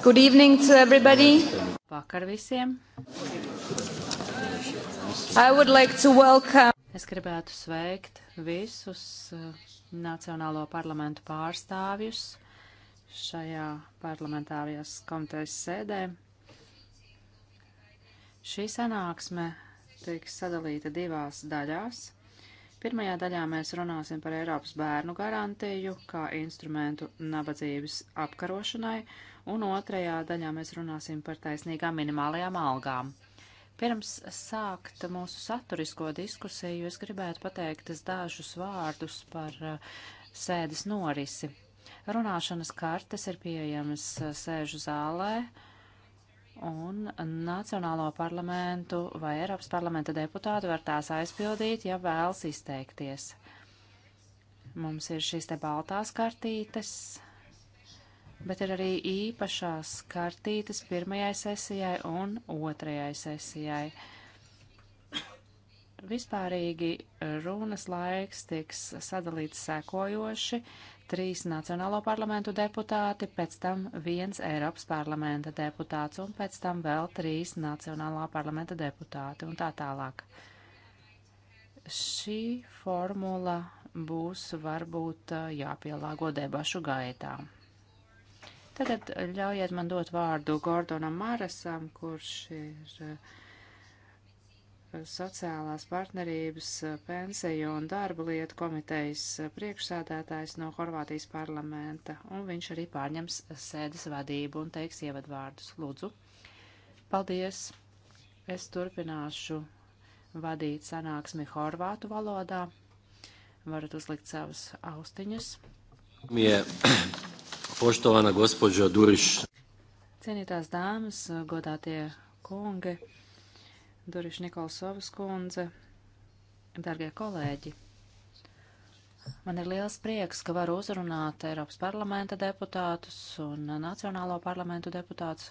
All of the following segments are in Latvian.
Good evening to everybody. Vakar visiem. I would like to welcome. Es gribētu sveikt visus eh, Nacionālo parlamentu pārstāvjus šajā parlamentārijas komitejas sēdē. Šī sanāksme tiks sadalīta divās daļās. Pirmajā daļā mēs runāsim par Eiropas bērnu garantiju kā instrumentu nabadzības apkarošanai un otrajā daļā mēs runāsim par taisnīgām minimālajām algām. Pirms sākt mūsu saturisko diskusiju, es gribētu pateikt dažus vārdus par uh, sēdes norisi. Runāšanas kartes ir pieejamas uh, sēžu zālē un Nacionālo parlamentu vai Eiropas parlamenta deputāti var tās aizpildīt, ja vēlas izteikties. Mums ir šīs te baltās kartītes bet ir arī īpašās kartītes pirmajai sesijai un otrajai sesijai. Vispārīgi runas laiks tiks sadalīts sekojoši - trīs Nacionālo parlamentu deputāti, pēc tam viens Eiropas parlamenta deputāts un pēc tam vēl trīs Nacionālā parlamenta deputāti un tā tālāk. Šī formula būs varbūt jāpielāgo debašu gaitām. Tagad ļaujiet man dot vārdu Gordonam Marasam, kurš ir eh, sociālās partnerības, eh, pensiju un darba lietu komitejas eh, priekšsādātājs no Horvātijas parlamenta, un viņš arī pārņems sēdes vadību un teiks ievadvārdus. Lūdzu! Paldies! Es turpināšu vadīt sanāksmi horvātu valodā. Varat uzlikt savas austiņas. Mie Poštovana gospođo Duriš. Cienītās dāmas, godātie kungi, Duriš Nikolsovas kundze, dargie kolēģi. Man ir liels prieks, ka varu uzrunāt Eiropas parlamenta deputātus un Nacionālo parlamentu deputātus.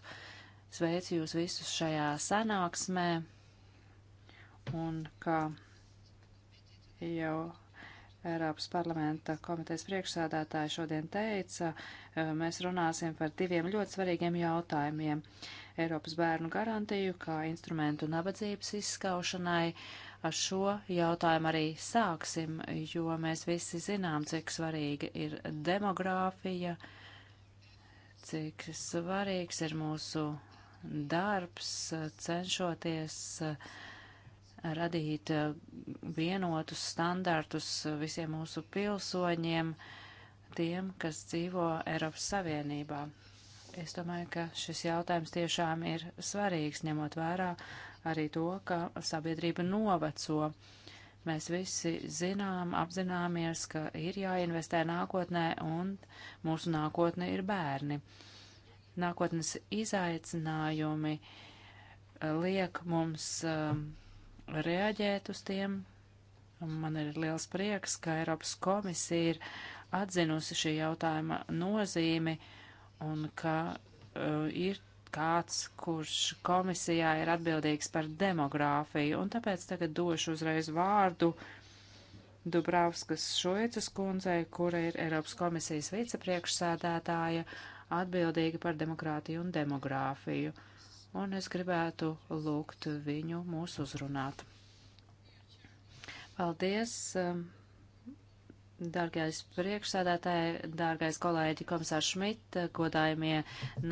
Sveicu jūs visus šajā sanāksmē. Un kā jau Eiropas parlamenta komitejas priekšsādātāja šodien teica, mēs runāsim par diviem ļoti svarīgiem jautājumiem - Eiropas bērnu garantiju kā instrumentu nabadzības izskaušanai. Ar šo jautājumu arī sāksim, jo mēs visi zinām, cik svarīga ir demogrāfija, cik svarīgs ir mūsu darbs, cenšoties uh, radīt eh, vienotus standartus visiem mūsu pilsoņiem, tiem, kas dzīvo Eiropas Savienībā. Es domāju, ka šis jautājums tiešām ir svarīgs, ņemot vērā arī to, ka sabiedrība noveco. Mēs visi zinām, apzināmies, ka ir jāinvestē nākotnē, un mūsu nākotne ir bērni. Nākotnes izaicinājumi eh, liek mums. Um, reaģēt uz tiem. Man ir liels prieks, ka Eiropas komisija ir atzinusi šī jautājuma nozīmi un ka uh, ir kāds, kurš komisijā ir atbildīgs par demogrāfiju, un tāpēc tagad došu uzreiz vārdu Dubravskas Šoicas kundzei, kura ir Eiropas komisijas vicepriekšsēdētāja, atbildīga par demokrātiju un demogrāfiju un es gribētu lūgt viņu mūs uzrunāt. Paldies, um, dārgais priekšsēdētāji, dārgais kolēģi komisārs Šmit, godājumie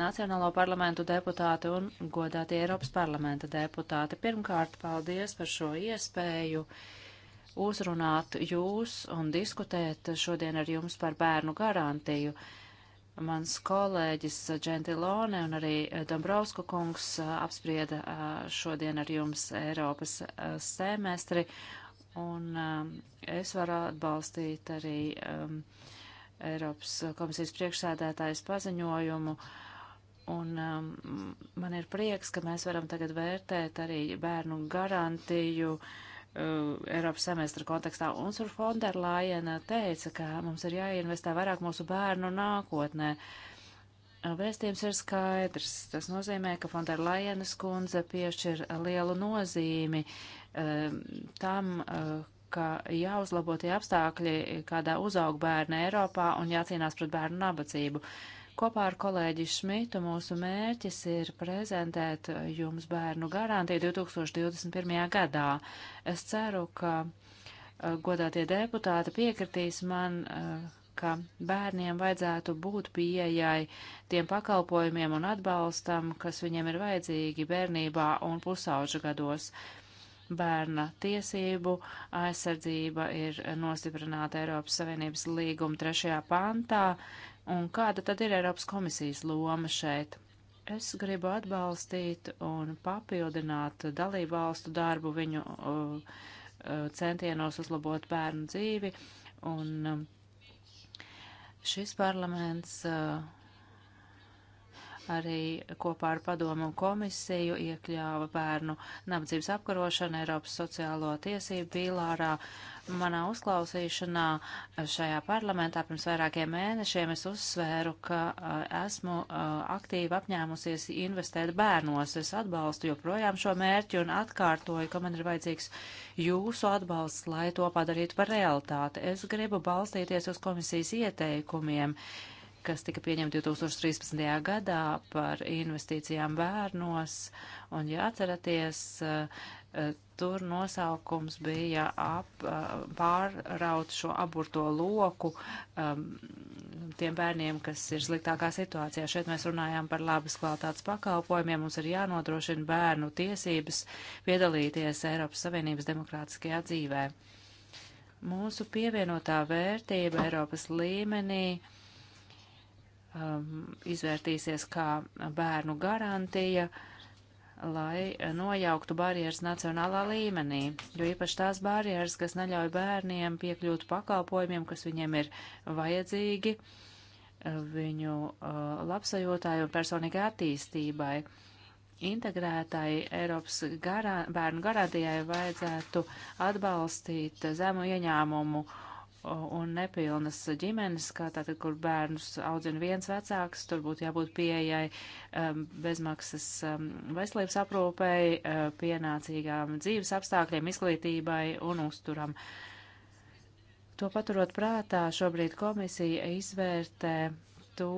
Nacionālo parlamentu deputāti un godātie Eiropas parlamenta deputāti. Pirmkārt, paldies par šo iespēju uzrunāt jūs un diskutēt šodien ar jums par bērnu garantiju. Uh, mans kolēģis Džentilone un arī Dombrovsku kungs uh, apsprieda uh, šodien ar jums Eiropas uh, semestri, un um, es varu atbalstīt arī um, Eiropas komisijas priekšsēdētājas paziņojumu. Un um, man ir prieks, ka mēs varam tagad vērtēt arī bērnu garantiju uh, Uh, Eiropas semestra kontekstā. Un Sur Fonderlajena teica, ka mums ir jāinvestē vairāk mūsu bērnu nākotnē. Uh, vēstījums ir skaidrs. Tas nozīmē, ka Fonderlajenas kundze piešķir lielu nozīmi um, tam, uh, ka jāuzlabo tie apstākļi, kādā uzaug bērni Eiropā un jācīnās pret bērnu nabadzību. Uh, Kopā ar kolēģi Šmitu mūsu mērķis ir prezentēt jums bērnu garantiju 2021. gadā. Es ceru, ka eh, godātie deputāti piekritīs man, eh, ka bērniem vajadzētu būt pieejai tiem pakalpojumiem un atbalstam, kas viņiem ir vajadzīgi bērnībā un pusauģa gados. Bērna tiesību aizsardzība ir nostiprināta Eiropas Savienības līguma trešajā pantā, Un kāda tad ir Eiropas komisijas loma šeit? Es gribu atbalstīt un papildināt dalību valstu darbu viņu uh, uh centienos uzlabot bērnu dzīvi. Un uh, šis parlaments uh, arī kopā ar padomu un komisiju iekļāva bērnu nabadzības apkarošanu Eiropas sociālo tiesību pīlārā. Manā uzklausīšanā šajā parlamentā pirms vairākiem mēnešiem es uzsvēru, ka eh, esmu eh, aktīvi apņēmusies investēt bērnos. Es atbalstu joprojām šo mērķi un atkārtoju, ka man ir vajadzīgs jūsu atbalsts, lai to padarītu par realitāti. Es gribu balstīties uz komisijas ieteikumiem kas tika pieņemta 2013. gadā par investīcijām bērnos, un jāatceraties, eh, eh, tur nosaukums bija ap, eh, pārraut šo aburto loku ehm, tiem bērniem, kas ir sliktākā situācijā. Šeit mēs runājām par labas kvalitātes pakalpojumiem, mums ir jānodrošina bērnu tiesības piedalīties Eiropas Savienības demokrātiskajā dzīvē. Mūsu pievienotā vērtība Eiropas līmenī uh, um, izvērtīsies kā bērnu garantija, lai nojauktu barjeras nacionālā līmenī, jo īpaši tās barjeras, kas neļauj bērniem piekļūt pakalpojumiem, kas viņiem ir vajadzīgi, viņu uh, labsajūtāju un personīgai attīstībai. Integrētai Eiropas garā, bērnu garantijai vajadzētu atbalstīt zemu ieņēmumu uh, un nepilnas ģimenes, kā tātad, kur bērnus audzina viens vecāks, tur būtu jābūt pieejai um, bezmaksas um, veselības aprūpei, uh, pienācīgām dzīves apstākļiem, izglītībai un uzturam. To paturot prātā, šobrīd komisija izvērtē to,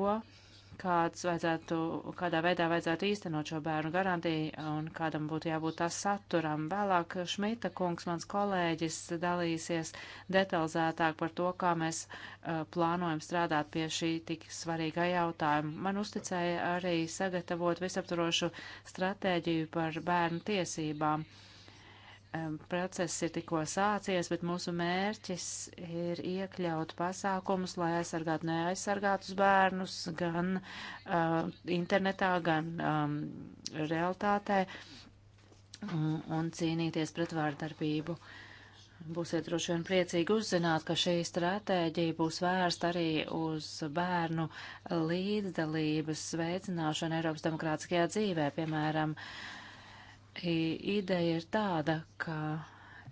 kāds vajadzētu, kādā veidā vajadzētu īstenot šo bērnu garantiju un kādam būtu jābūt tā saturam. Vēlāk Šmita kungs, mans kolēģis, dalīsies detalizētāk par to, kā mēs uh, plānojam strādāt pie šī tik svarīgā jautājuma. Man uzticēja arī sagatavot visaptvarošu stratēģiju par bērnu tiesībām. Uh, process ir tikko sācies, bet mūsu mērķis ir iekļaut pasākumus, lai aizsargātu neaizsargātus bērnus gan uh, internetā, gan um, realtātē un, un cīnīties pret vārdarbību. Būsiet droši vien priecīgi uzzināt, ka šī stratēģija būs vērsta arī uz bērnu līdzdalības veicināšanu Eiropas demokrātiskajā dzīvē, piemēram, uh, ideja ir tāda, ka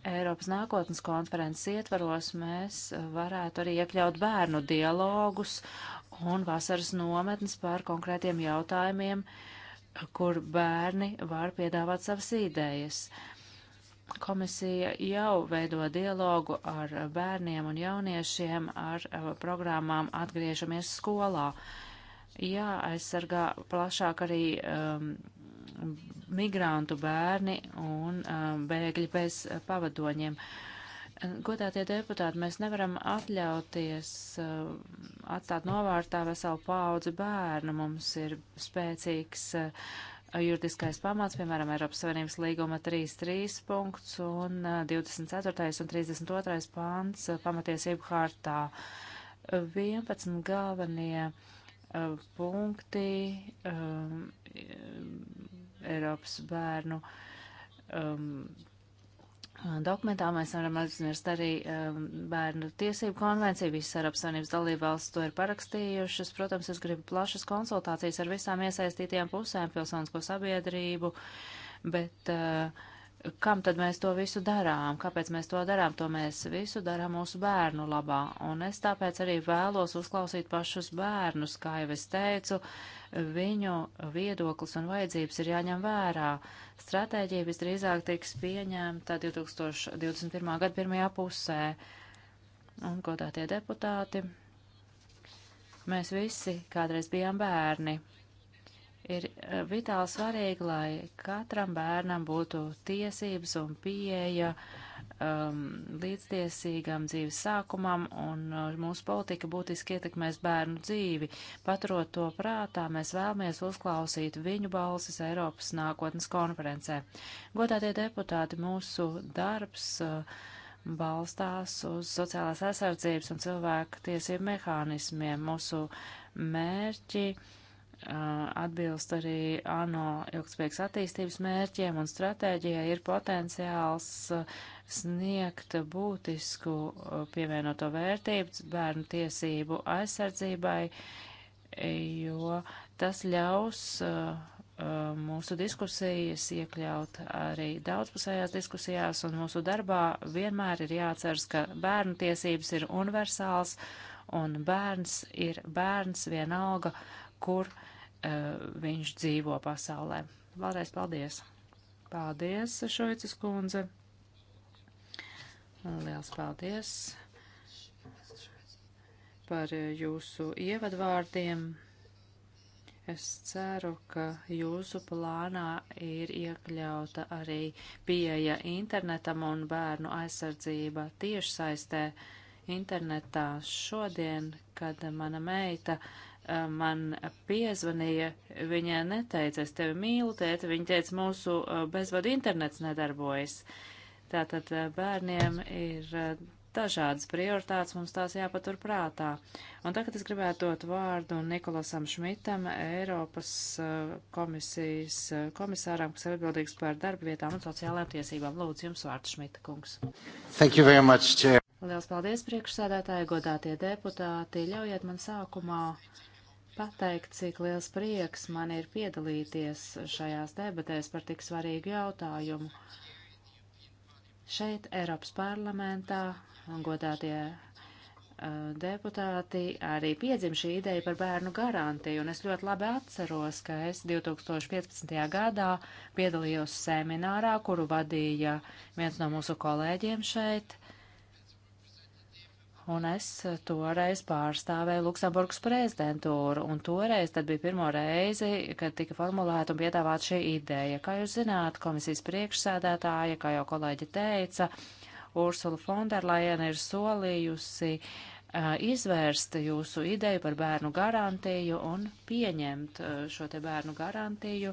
Eiropas nākotnes konferences ietvaros mēs varētu arī iekļaut bērnu dialogus un vasaras nometnes par konkrētiem jautājumiem, kur bērni var piedāvāt savas idejas. Komisija jau veido dialogu ar bērniem un jauniešiem ar eh, programmām Atgriežamies skolā. Jāaizsargā plašāk arī um, migrantu bērni un uh, bēgļi bez pavadoņiem. Godātie deputāti, mēs nevaram atļauties uh, atstāt novārtā veselu paudzi bērnu. Mums ir spēcīgs uh, juridiskais pamats, piemēram, Eiropas Savienības līguma 3.3 punkts un 24. un 32. pants pamatiesību hārtā. 11 galvenie punkti um, Eiropas bērnu um, dokumentā mēs varam aizmirst arī um, bērnu tiesību konvenciju. Visas Eiropas Savienības dalībvalstis to ir parakstījušas. Protams, es gribu plašas konsultācijas ar visām iesaistītajām pusēm, pilsonisko sabiedrību, bet uh, kam tad mēs to visu darām, kāpēc mēs to darām, to mēs visu darām mūsu bērnu labā. Un es tāpēc arī vēlos uzklausīt pašus bērnus, kā jau es teicu, viņu viedoklis un vajadzības ir jāņem vērā. Stratēģija visdrīzāk tiks pieņemta 2021. gada pirmajā pusē. Un, godātie deputāti, mēs visi kādreiz bijām bērni Ir eh, vitāli svarīgi, lai katram bērnam būtu tiesības un pieeja um, līdztiesīgam dzīves sākumam, un uh, mūsu politika būtiski ietekmēs bērnu dzīvi. Paturot to prātā, mēs vēlamies uzklausīt viņu balsis Eiropas nākotnes konferencē. Godātie deputāti, mūsu darbs. Uh, balstās uz sociālās aizsardzības un cilvēku tiesību mehānismiem. Mūsu mērķi uh, atbilst arī ANO ilgspējīgas attīstības mērķiem un stratēģijai ir potenciāls sniegt būtisku pievienoto vērtību bērnu tiesību aizsardzībai, jo tas ļaus mūsu diskusijas iekļaut arī daudzpusējās diskusijās un mūsu darbā vienmēr ir jāatceras, ka bērnu tiesības ir universāls un bērns ir bērns vienalga, kur uh, viņš dzīvo pasaulē. Vēlreiz paldies! Paldies, Šoicis kundze! Un liels paldies par jūsu ievadvārdiem. Es ceru, ka jūsu plānā ir iekļauta arī pieeja internetam un bērnu aizsardzība tiešsaistē internetā. Šodien, kad mana meita uh, man piezvanīja, viņa neteica, es tevi mīlu, tēti, viņa teica, mūsu uh, bezvadu internets nedarbojas. Tātad uh, bērniem ir uh, dažādas prioritātes, mums tās jāpatur prātā. Un tagad es gribētu dot vārdu Nikolasam Šmitam, Eiropas komisijas komisāram, kas ir atbildīgs par darba vietām un sociālajām tiesībām. Lūdzu, jums vārdu Šmita kungs. Thank you very much, Chair. Liels paldies priekšsēdētāji, godātie deputāti. Ļaujiet man sākumā uh, pateikt, cik liels prieks man ir piedalīties šajās debatēs par tik svarīgu jautājumu. Šeit Eiropas parlamentā godātie uh, deputāti arī piedzim šī ideja par bērnu garantiju, un es ļoti labi atceros, ka es 2015. gadā piedalījos seminārā, kuru vadīja viens no mūsu kolēģiem šeit, un es eh, toreiz pārstāvēju Luksemburgas prezidentūru, un toreiz tad bija pirmo reizi, kad tika formulēta un piedāvāta šī ideja. Kā jūs zināt, komisijas priekšsēdētāja, kā jau kolēģi teica, Ursula Fonderlajena ir solījusi uh, izvērst jūsu ideju par bērnu garantiju un pieņemt uh, šo te bērnu garantiju,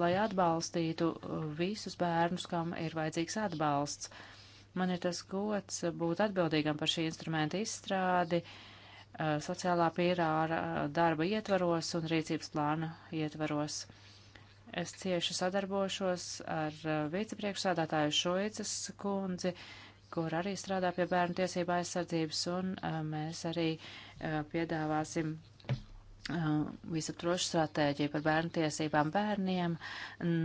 lai atbalstītu visus bērnus, kam ir vajadzīgs atbalsts. Uh, Man ir tas gods būt atbildīgam par šī instrumenta izstrādi sociālā pīrāra darba ietvaros un rīcības plāna ietvaros. Es cieši sadarbošos ar vicepriekšsādātāju Šoicas kundzi, kur arī strādā pie bērnu tiesība aizsardzības, un mēs arī piedāvāsim Uh, visaptrošu stratēģiju par bērnu tiesībām bērniem.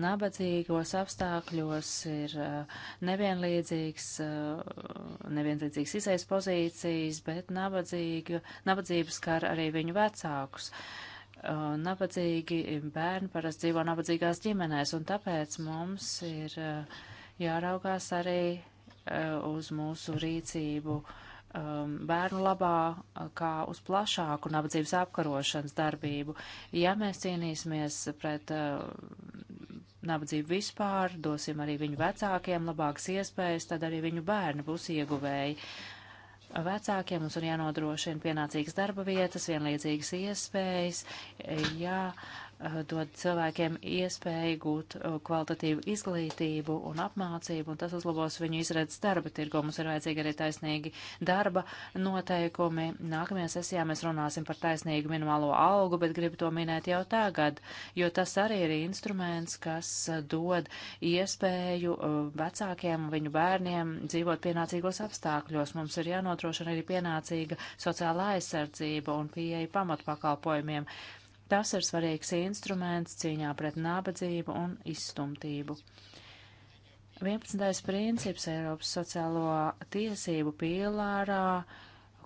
Nabadzīgos apstākļos ir uh, nevienlīdzīgs, uh, nevienlīdzīgs izējas pozīcijas, bet nabadzīga, nabadzības skar arī viņu vecākus. Nabadzīgi bērni parasti dzīvo nabadzīgās ģimenēs, un tāpēc mums ir jāraugās arī uz mūsu rīcību uh, um, bērnu labā, uh, kā uz plašāku nabadzības apkarošanas darbību. Ja mēs cīnīsimies pret uh, nabadzību vispār, dosim arī viņu vecākiem labākas iespējas, tad arī viņu bērni būs ieguvēji. Vecākiem mums ir jānodrošina pienācīgas darba vietas, vienlīdzīgas iespējas, jā. Ja, Eh, dod cilvēkiem iespēju gūt eh, kvalitatīvu izglītību un apmācību, un tas uzlabos viņu izredzes darba tirgu. Mums ir vajadzīgi arī taisnīgi darba noteikumi. Nākamajā sesijā mēs runāsim par taisnīgu minimālo algu, bet gribu to minēt jau tagad, jo tas arī ir instruments, kas eh, dod iespēju vecākiem un viņu bērniem dzīvot pienācīgos apstākļos. Mums ir jānotrošina arī pienācīga sociālā aizsardzība un pieeja pamatpakalpojumiem. Tas ir svarīgs instruments cīņā pret nabadzību un izstumtību. 11. princips Eiropas sociālo tiesību pīlārā,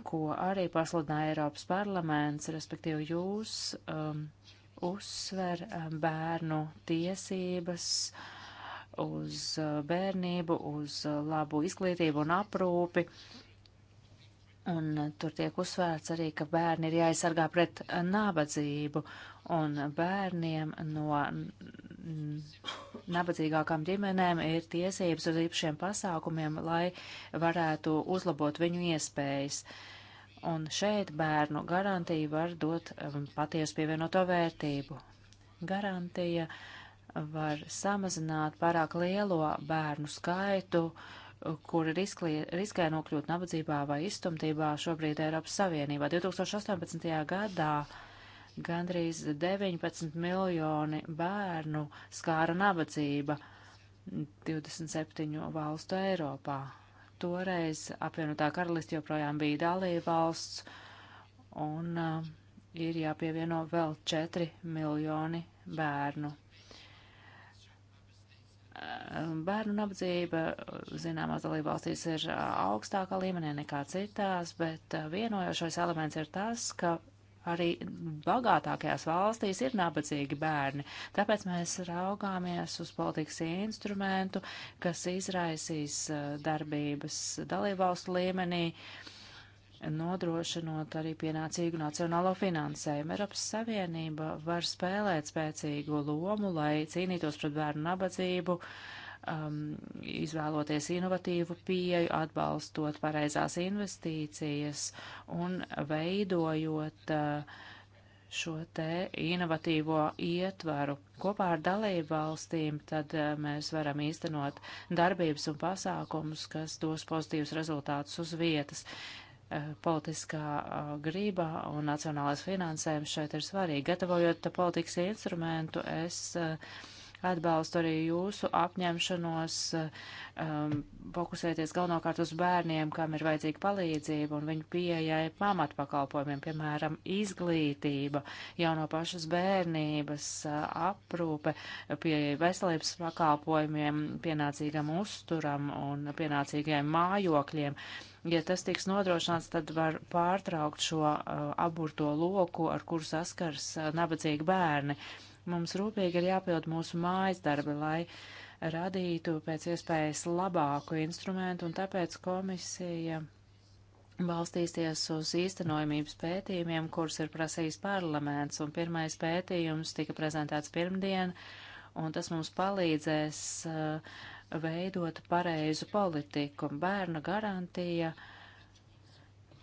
ko arī pasludināja Eiropas parlaments, respektīvi jūs, um, uzsver um, bērnu tiesības uz uh, bērnību, uz uh, labu izglītību un aprūpi. Uh, Un tur tiek uzsvērts arī, ka bērni ir jāaizsargā pret eh, nabadzību, un bērniem no nabadzīgākām ģimenēm ir tiesības uz īpašiem pasākumiem, lai varētu uzlabot viņu iespējas. Un šeit bērnu garantija var dot eh, patiesu pievienoto vērtību. Garantija var samazināt pārāk lielo bērnu skaitu, uh, kuri risklie, riskē nokļūt nabadzībā vai izstumtībā šobrīd Eiropas Savienībā. 2018. gadā gandrīz 19 miljoni bērnu skāra nabadzība 27 valstu Eiropā. Toreiz apvienotā karalisti joprojām bija dalība valsts un uh, ir jāpievieno vēl 4 miljoni bērnu. Bērnu nabadzība zināmās dalībvalstīs ir augstākā līmenī nekā citās, bet vienojošais elements ir tas, ka arī bagātākajās valstīs ir nabadzīgi bērni. Tāpēc mēs raugāmies uz politikas instrumentu, kas izraisīs darbības dalībvalstu līmenī. Uh, nodrošinot arī pienācīgu nacionālo finansējumu. Eiropas Savienība var spēlēt spēcīgu lomu, lai cīnītos pret bērnu nabadzību, um, izvēloties inovatīvu pieju, atbalstot pareizās investīcijas un veidojot uh, šo te inovatīvo ietvaru. Kopā ar dalību valstīm tad uh, mēs varam īstenot darbības un pasākumus, kas dos pozitīvus rezultātus uz vietas. Uh, Eh, politiskā eh, grība un nacionālais finansējums šeit ir svarīgi. Gatavojot politikas instrumentu, es uh, atbalstu arī jūsu apņemšanos um, fokusēties galvenokārt uz bērniem, kam ir vajadzīga palīdzība un viņu pieejai pamatpakalpojumiem, piemēram, izglītība, jau no pašas bērnības uh, aprūpe, pieeja veselības pakalpojumiem, pienācīgam uzturam un pienācīgajiem mājokļiem. Ja tas tiks nodrošināts, tad var pārtraukt šo uh, aburto loku, ar kuru saskars uh, nabadzīgi bērni. Uh, Mums rūpīgi ir jāpild mūsu mājas darbi, lai radītu pēc iespējas labāku instrumentu, un tāpēc komisija balstīsies uz īstenojumības pētījumiem, kurus ir prasījis parlaments, un pirmais pētījums tika prezentēts pirmdien, un tas mums palīdzēs uh, veidot pareizu politiku. Bērnu garantija uh,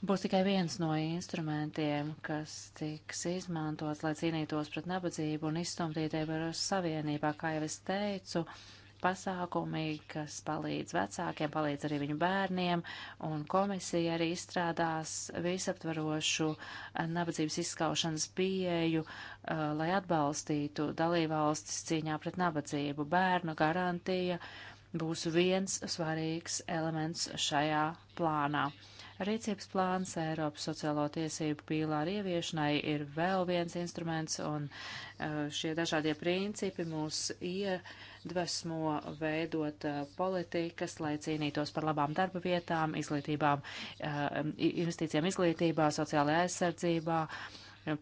būs tikai viens no instrumentiem, kas tiks izmantots, lai cīnītos pret nabadzību un izstumtītību Eiropas Savienībā. Kā jau es teicu, pasākumi, kas palīdz vecākiem, palīdz arī viņu bērniem, un komisija arī izstrādās visaptvarošu eh, nabadzības izskaušanas pieeju, eh, lai atbalstītu dalībvalstis cīņā pret nabadzību. Bērnu garantija būs viens svarīgs elements šajā plānā. Rīcības plāns Eiropas sociālo tiesību pīlāra ieviešanai ir vēl viens instruments, un uh, šie dažādie principi mūs iedvesmo veidot uh, politikas, lai cīnītos par labām darba vietām, izglītībām, uh, investīcijām izglītībā, sociālajā aizsardzībā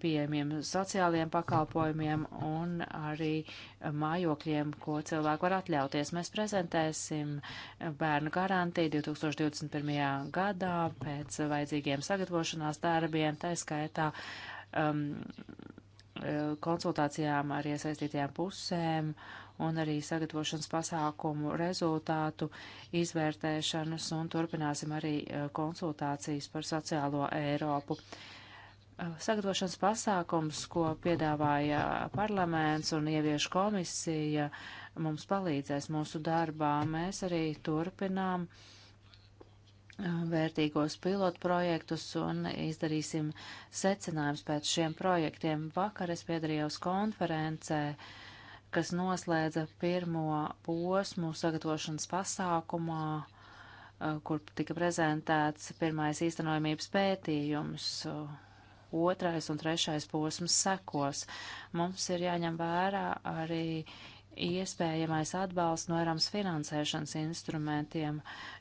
pieejamiem sociālajiem pakalpojumiem un arī mājokļiem, ko cilvēki var atļauties. Mēs prezentēsim bērnu garantiju 2021. gadā pēc vajadzīgiem sagatavošanās darbiem, tā skaitā um, konsultācijām ar iesaistītajām pusēm un arī sagatavošanas pasākumu rezultātu izvērtēšanas un turpināsim arī uh, konsultācijas par sociālo Eiropu. Uh, Uh, sagatavošanas pasākums, ko piedāvāja parlaments un ievieš komisija, mums palīdzēs mūsu darbā. Mēs arī turpinām uh, vērtīgos pilotu projektus un izdarīsim secinājums pēc šiem projektiem. Vakar es piedarījos konferencē, kas noslēdza pirmo posmu sagatavošanas pasākumā uh, kur tika prezentēts pirmais īstenojumības pētījums, otrais un trešais posms sekos. Mums ir jāņem vērā arī iespējamais atbalsts no erams finansēšanas instrumentiem,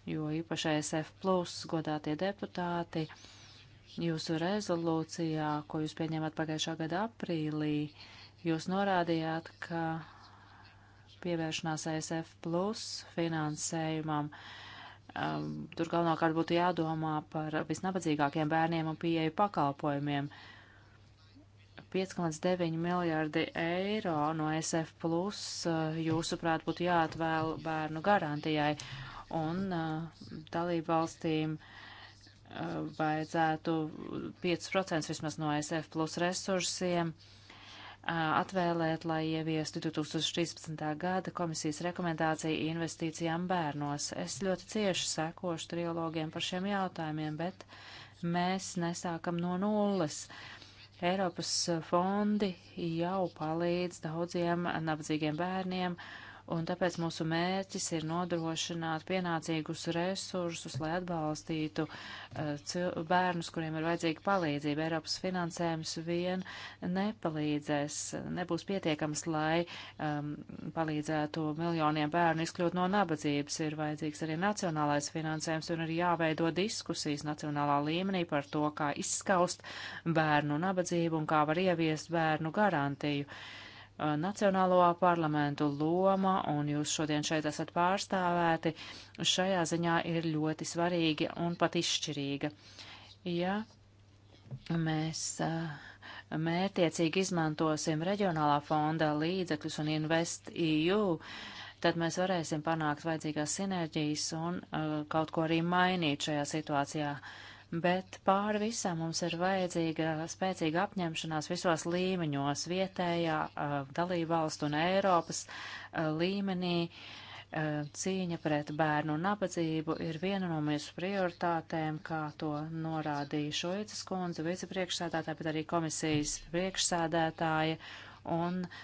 jo īpašais F plus godātie deputāti jūsu rezolūcijā, ko jūs pieņēmāt pagājušā gada aprīlī, jūs norādījāt, ka pievēršanās ASF plus finansējumam uh, Um, tur galvenokārt būtu jādomā par visnabadzīgākiem bērniem un pieeju pakalpojumiem. 5,9 miljārdi eiro no SF plus uh, jūsuprāt būtu jāatvēl bērnu garantijai un uh, dalību valstīm uh, vajadzētu 5% vismaz no SF plus resursiem uh, atvēlēt, lai ieviestu 2013. gada komisijas rekomendāciju investīcijām bērnos. Es ļoti cieši sekošu trilogiem par šiem jautājumiem, bet mēs nesākam no nulles. Eiropas fondi jau palīdz daudziem nabadzīgiem bērniem uh, un tāpēc mūsu mērķis ir nodrošināt pienācīgus resursus, lai atbalstītu uh, bērnus, kuriem ir vajadzīga palīdzība. Eiropas finansējums vien nepalīdzēs, nebūs pietiekams, lai um, palīdzētu miljoniem bērnu izkļūt no nabadzības. Ir vajadzīgs arī nacionālais finansējums un ir jāveido diskusijas nacionālā līmenī par to, kā izskaust bērnu nabadzību un kā var ieviest bērnu garantiju. Uh, Uh, nacionālo parlamentu loma, un jūs šodien šeit esat pārstāvēti, šajā ziņā ir ļoti svarīga un pat izšķirīga. Ja mēs uh, mērtiecīgi izmantosim reģionālā fonda līdzekļus un invest EU, tad mēs varēsim panākt vajadzīgās sinerģijas un uh, kaut ko arī mainīt šajā situācijā. Uh, bet pāri visam mums ir vajadzīga spēcīga apņemšanās visos līmeņos, vietējā, dalībvalstu un Eiropas līmenī. Cīņa pret bērnu nabadzību ir viena no mūsu prioritātēm, kā to norādīja Šoicas kundze, vicepriekšsēdētāja, bet arī komisijas priekšsēdētāja. Un uh,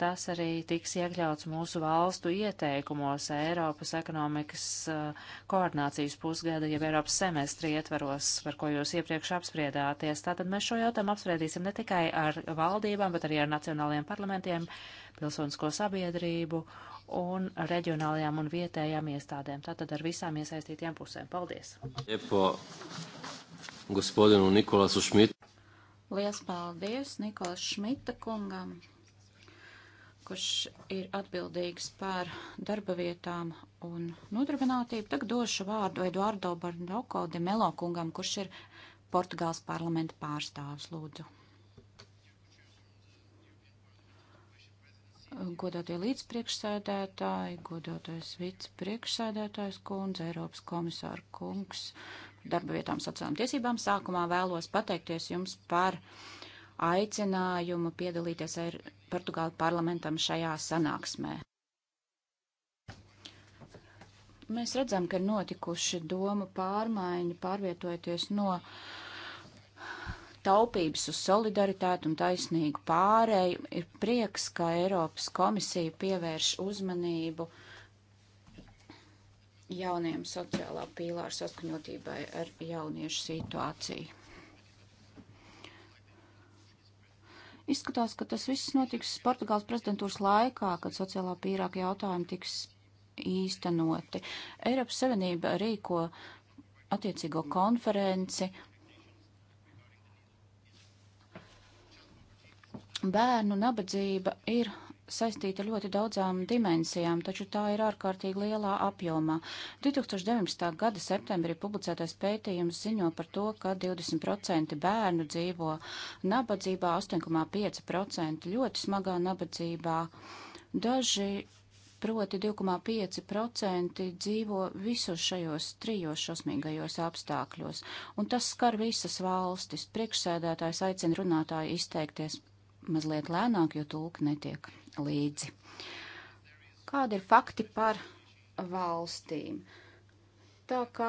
Tas arī tiks iekļauts mūsu valstu ieteikumos Eiropas ekonomikas uh, koordinācijas pusgada, jeb Eiropas semestri ietvaros, par ko jūs iepriekš apspriedāties. Tātad mēs šo jautājumu apspriedīsim ne tikai ar valdībām, bet arī ar nacionālajiem parlamentiem, pilsonisko sabiedrību un reģionālajām un vietējām iestādēm. Tātad ar visām iesaistītiem pusēm. Paldies! Epo, gospodinu Nikolasu Šmitu. Lielas paldies Nikolas Šmita kungam! kurš ir atbildīgs par darba vietām un nodarbinātību. Tagad došu vārdu Eduardo Barnoko de Melo kungam, kurš ir Portugāls parlamenta pārstāvs. Lūdzu. Godotie līdzpriekšsēdētāji, godotais vicepriekšsēdētājs kundze, Eiropas komisāra kungs, darba vietām sociālām tiesībām. Sākumā vēlos pateikties jums par aicinājumu piedalīties ar Portugāla parlamentam šajā sanāksmē. Mēs redzam, ka ir notikuši doma pārmaiņa, pārvietojoties no taupības uz solidaritāti un taisnīgu pārēju. Ir prieks, ka Eiropas komisija pievērš uzmanību jauniem sociālā pīlāra saskaņotībai ar jauniešu situāciju. Izskatās, ka tas viss notiks Portugāles prezidentūras laikā, kad sociālā pīrāka jautājumi tiks īstenoti. Eiropas Savienība rīko attiecīgo konferenci bērnu nabadzība ir saistīta ļoti daudzām dimensijām, taču tā ir ārkārtīgi lielā apjomā. 2019. gada septembrī publicētais pētījums ziņo par to, ka 20% bērnu dzīvo nabadzībā, 8,5% ļoti smagā nabadzībā. Daži proti 2,5% dzīvo visos šajos trijos šosmīgajos apstākļos, un tas skar visas valstis. Priekšsēdētājs aicina runātāju izteikties mazliet lēnāk, jo tulk netiek līdzi. Kādi ir fakti par valstīm? Tā kā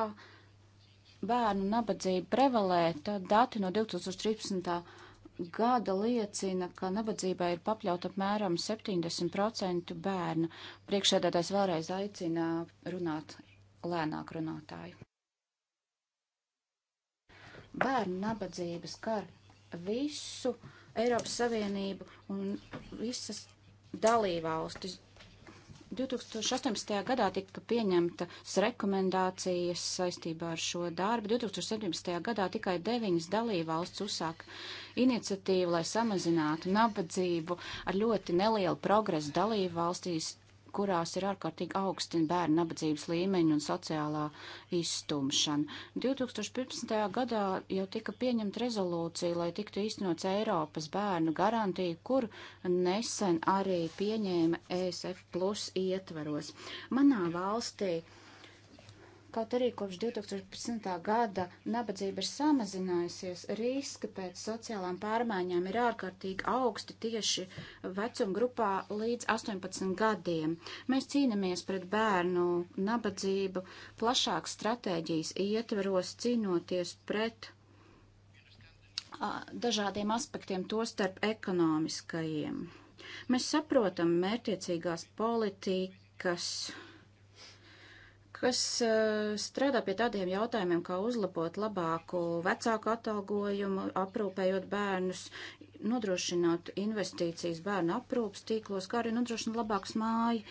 bērnu nabadzība prevalē, tad dati no 2013. gada liecina, ka nabadzībai ir pakļaut apmēram 70% bērnu. Priekšsēdētājs vēlreiz aicina runāt lēnāk runātāju. Bērnu nabadzības kar visu Eiropas Savienību un visas dalībvalstis. 2018. gadā tika pieņemtas rekomendācijas saistībā ar šo darbu. 2017. gadā tikai deviņas dalībvalsts uzsāka iniciatīvu, lai samazinātu nabadzību ar ļoti nelielu progresu dalībvalstīs kurās ir ārkārtīgi augsti bērnu nabadzības līmeņi un sociālā izstumšana. 2015. gadā jau tika pieņemta rezolūcija, lai tiktu īstenots Eiropas bērnu garantija, kur nesen arī pieņēma ESF plus ietvaros. Manā valstī. Kaut arī kopš 2015. gada nabadzība ir samazinājusies, riski pēc sociālām pārmaiņām ir ārkārtīgi augsti tieši vecuma grupā līdz 18 gadiem. Mēs cīnāmies pret bērnu nabadzību plašāk stratēģijas ietveros, cīnoties pret dažādiem aspektiem, tostarp ekonomiskajiem. Mēs saprotam mērķiecīgās politikas kas eh, strādā pie tādiem jautājumiem, kā uzlabot labāku vecāku atalgojumu, aprūpējot bērnus, nodrošināt investīcijas bērnu aprūpas tīklos, kā arī nodrošināt labāks māju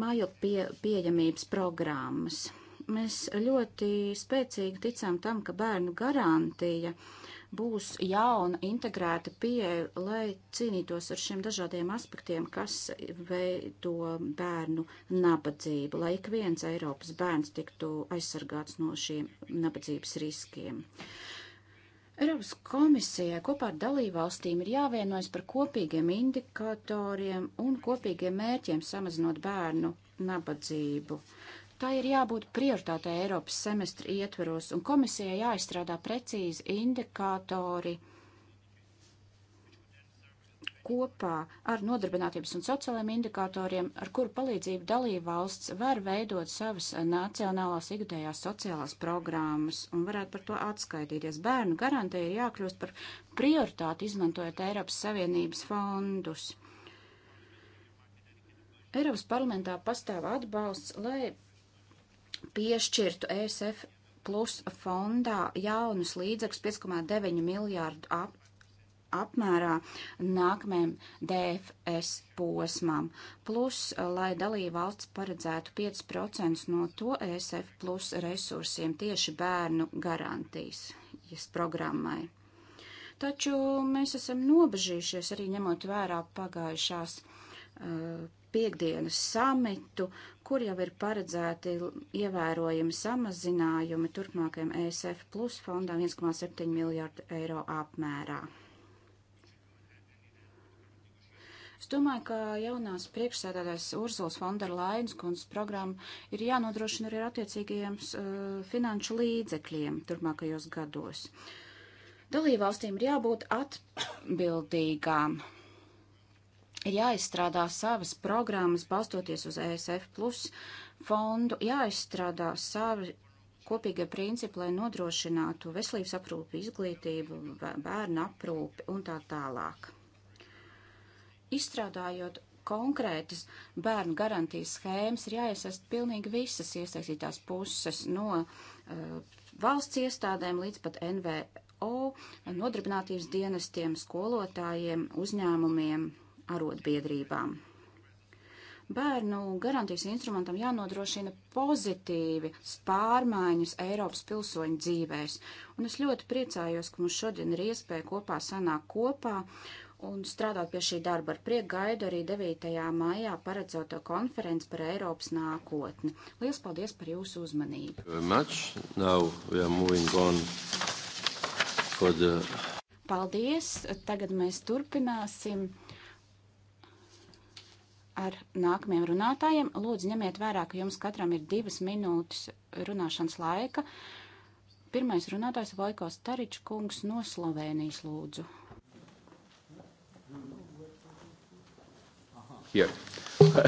mājokļu pie, pieejamības programmas. Mēs ļoti spēcīgi ticām tam, ka bērnu garantija uh, būs jauna integrēta pieeja, lai cīnītos ar šiem dažādiem aspektiem, kas veido bērnu nabadzību, lai ik viens Eiropas bērns tiktu aizsargāts no šiem nabadzības riskiem. Eiropas komisijai kopā ar dalībvalstīm ir jāvienojas par kopīgiem indikatoriem un kopīgiem mērķiem samazinot bērnu nabadzību. Tā ir jābūt prioritātei Eiropas semestra ietveros, un komisijai jāizstrādā precīzi indikātori kopā ar nodarbinātības un sociālajiem indikatoriem, ar kuru palīdzību dalībvalsts var veidot savas nacionālās ikdējās sociālās programmas un varētu par to atskaitīties. Bērnu garantija ir jākļūst par prioritāti izmantojot Eiropas Savienības fondus. Eiropas parlamentā pastāv atbalsts, lai piešķirtu ESF plus fondā jaunus līdzekļus 5,9 miljārdu ap, apmērā nākamajam DFS posmam. Plus, lai dalība valsts paredzētu 5% no to ESF plus resursiem tieši bērnu garantijas programmai. Taču mēs esam nobežījušies arī ņemot vērā pagājušās uh, piekdienas samitu, kur jau ir paredzēti ievērojami samazinājumi turpmākajam ESF plus fondā 1,7 miljārdu eiro apmērā. Es domāju, ka jaunās priekšsēdētājs Urzuls Fonderlainas kundzes programma ir jānodrošina arī ar attiecīgajiem uh, finanšu līdzekļiem turpmākajos gados. Dalībvalstīm ir jābūt atbildīgām ir jāizstrādā savas programmas, balstoties uz ESF plus fondu, jāizstrādā savi kopīgie principi, lai nodrošinātu veselības aprūpi, izglītību, bērnu aprūpi un tā tālāk. Izstrādājot konkrētas bērnu garantijas schēmas, ir jāiesaist pilnīgi visas iesaistītās puses no uh, valsts iestādēm līdz pat NVO, nodarbinātības dienestiem, skolotājiem, uzņēmumiem, arotbiedrībām. Bērnu garantijas instrumentam jānodrošina pozitīvi pārmaiņas Eiropas pilsoņu dzīvēs, un es ļoti priecājos, ka mums šodien ir iespēja kopā sanākt kopā un strādāt pie šī darba. Ar prieku gaidu arī 9. maijā paredzoto konferenci par Eiropas nākotni. Lielas paldies par jūsu uzmanību. The... Paldies. Tagad mēs turpināsim ar nākamajiem runātājiem. Lūdzu, ņemiet vērā, ka jums katram ir divas minūtes runāšanas laika. Pirmais runātājs Vojkos Taričs kungs no Slovēnijas lūdzu. Hier.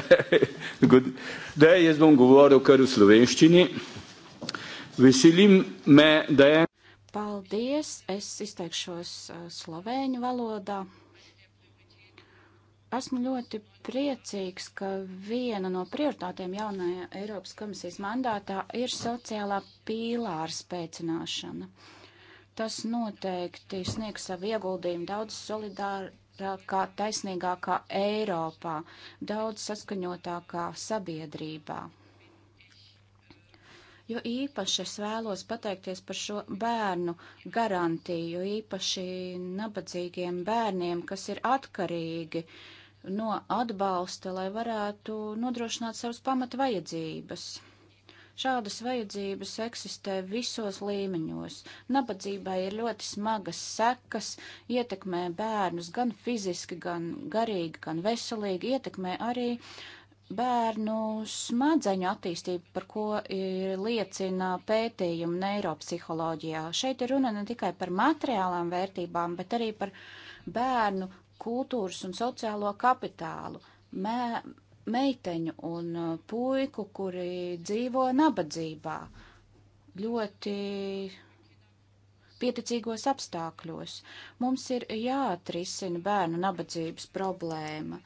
Good day, jaz bom govoril kar v slovenščini. Veselim me, da je. Paldies, es izteikšos uh, slovēņu valodā. Esmu ļoti priecīgs, ka viena no prioritātēm jaunajā Eiropas komisijas mandātā ir sociālā pīlāra spēcināšana. Tas noteikti sniegs savu ieguldījumu daudz solidārākā, taisnīgākā Eiropā, daudz saskaņotākā sabiedrībā. Jo īpaši es vēlos pateikties par šo bērnu garantiju, īpaši nabadzīgiem bērniem, kas ir atkarīgi uh, no atbalsta, lai varētu nodrošināt savas pamata vajadzības. Šādas vajadzības eksistē visos līmeņos. Nabadzībai ir ļoti smagas sekas, ietekmē bērnus gan fiziski, gan garīgi, gan veselīgi, ietekmē arī bērnu smadzeņu attīstību, par ko ir liecina pētījumi neiropsiholoģijā. Šeit ir runa ne tikai par materiālām vērtībām, bet arī par bērnu kultūras un sociālo kapitālu, mē, meiteņu un uh, puiku, kuri dzīvo nabadzībā, ļoti pieticīgos apstākļos. Mums ir jāatrisina bērnu nabadzības problēma.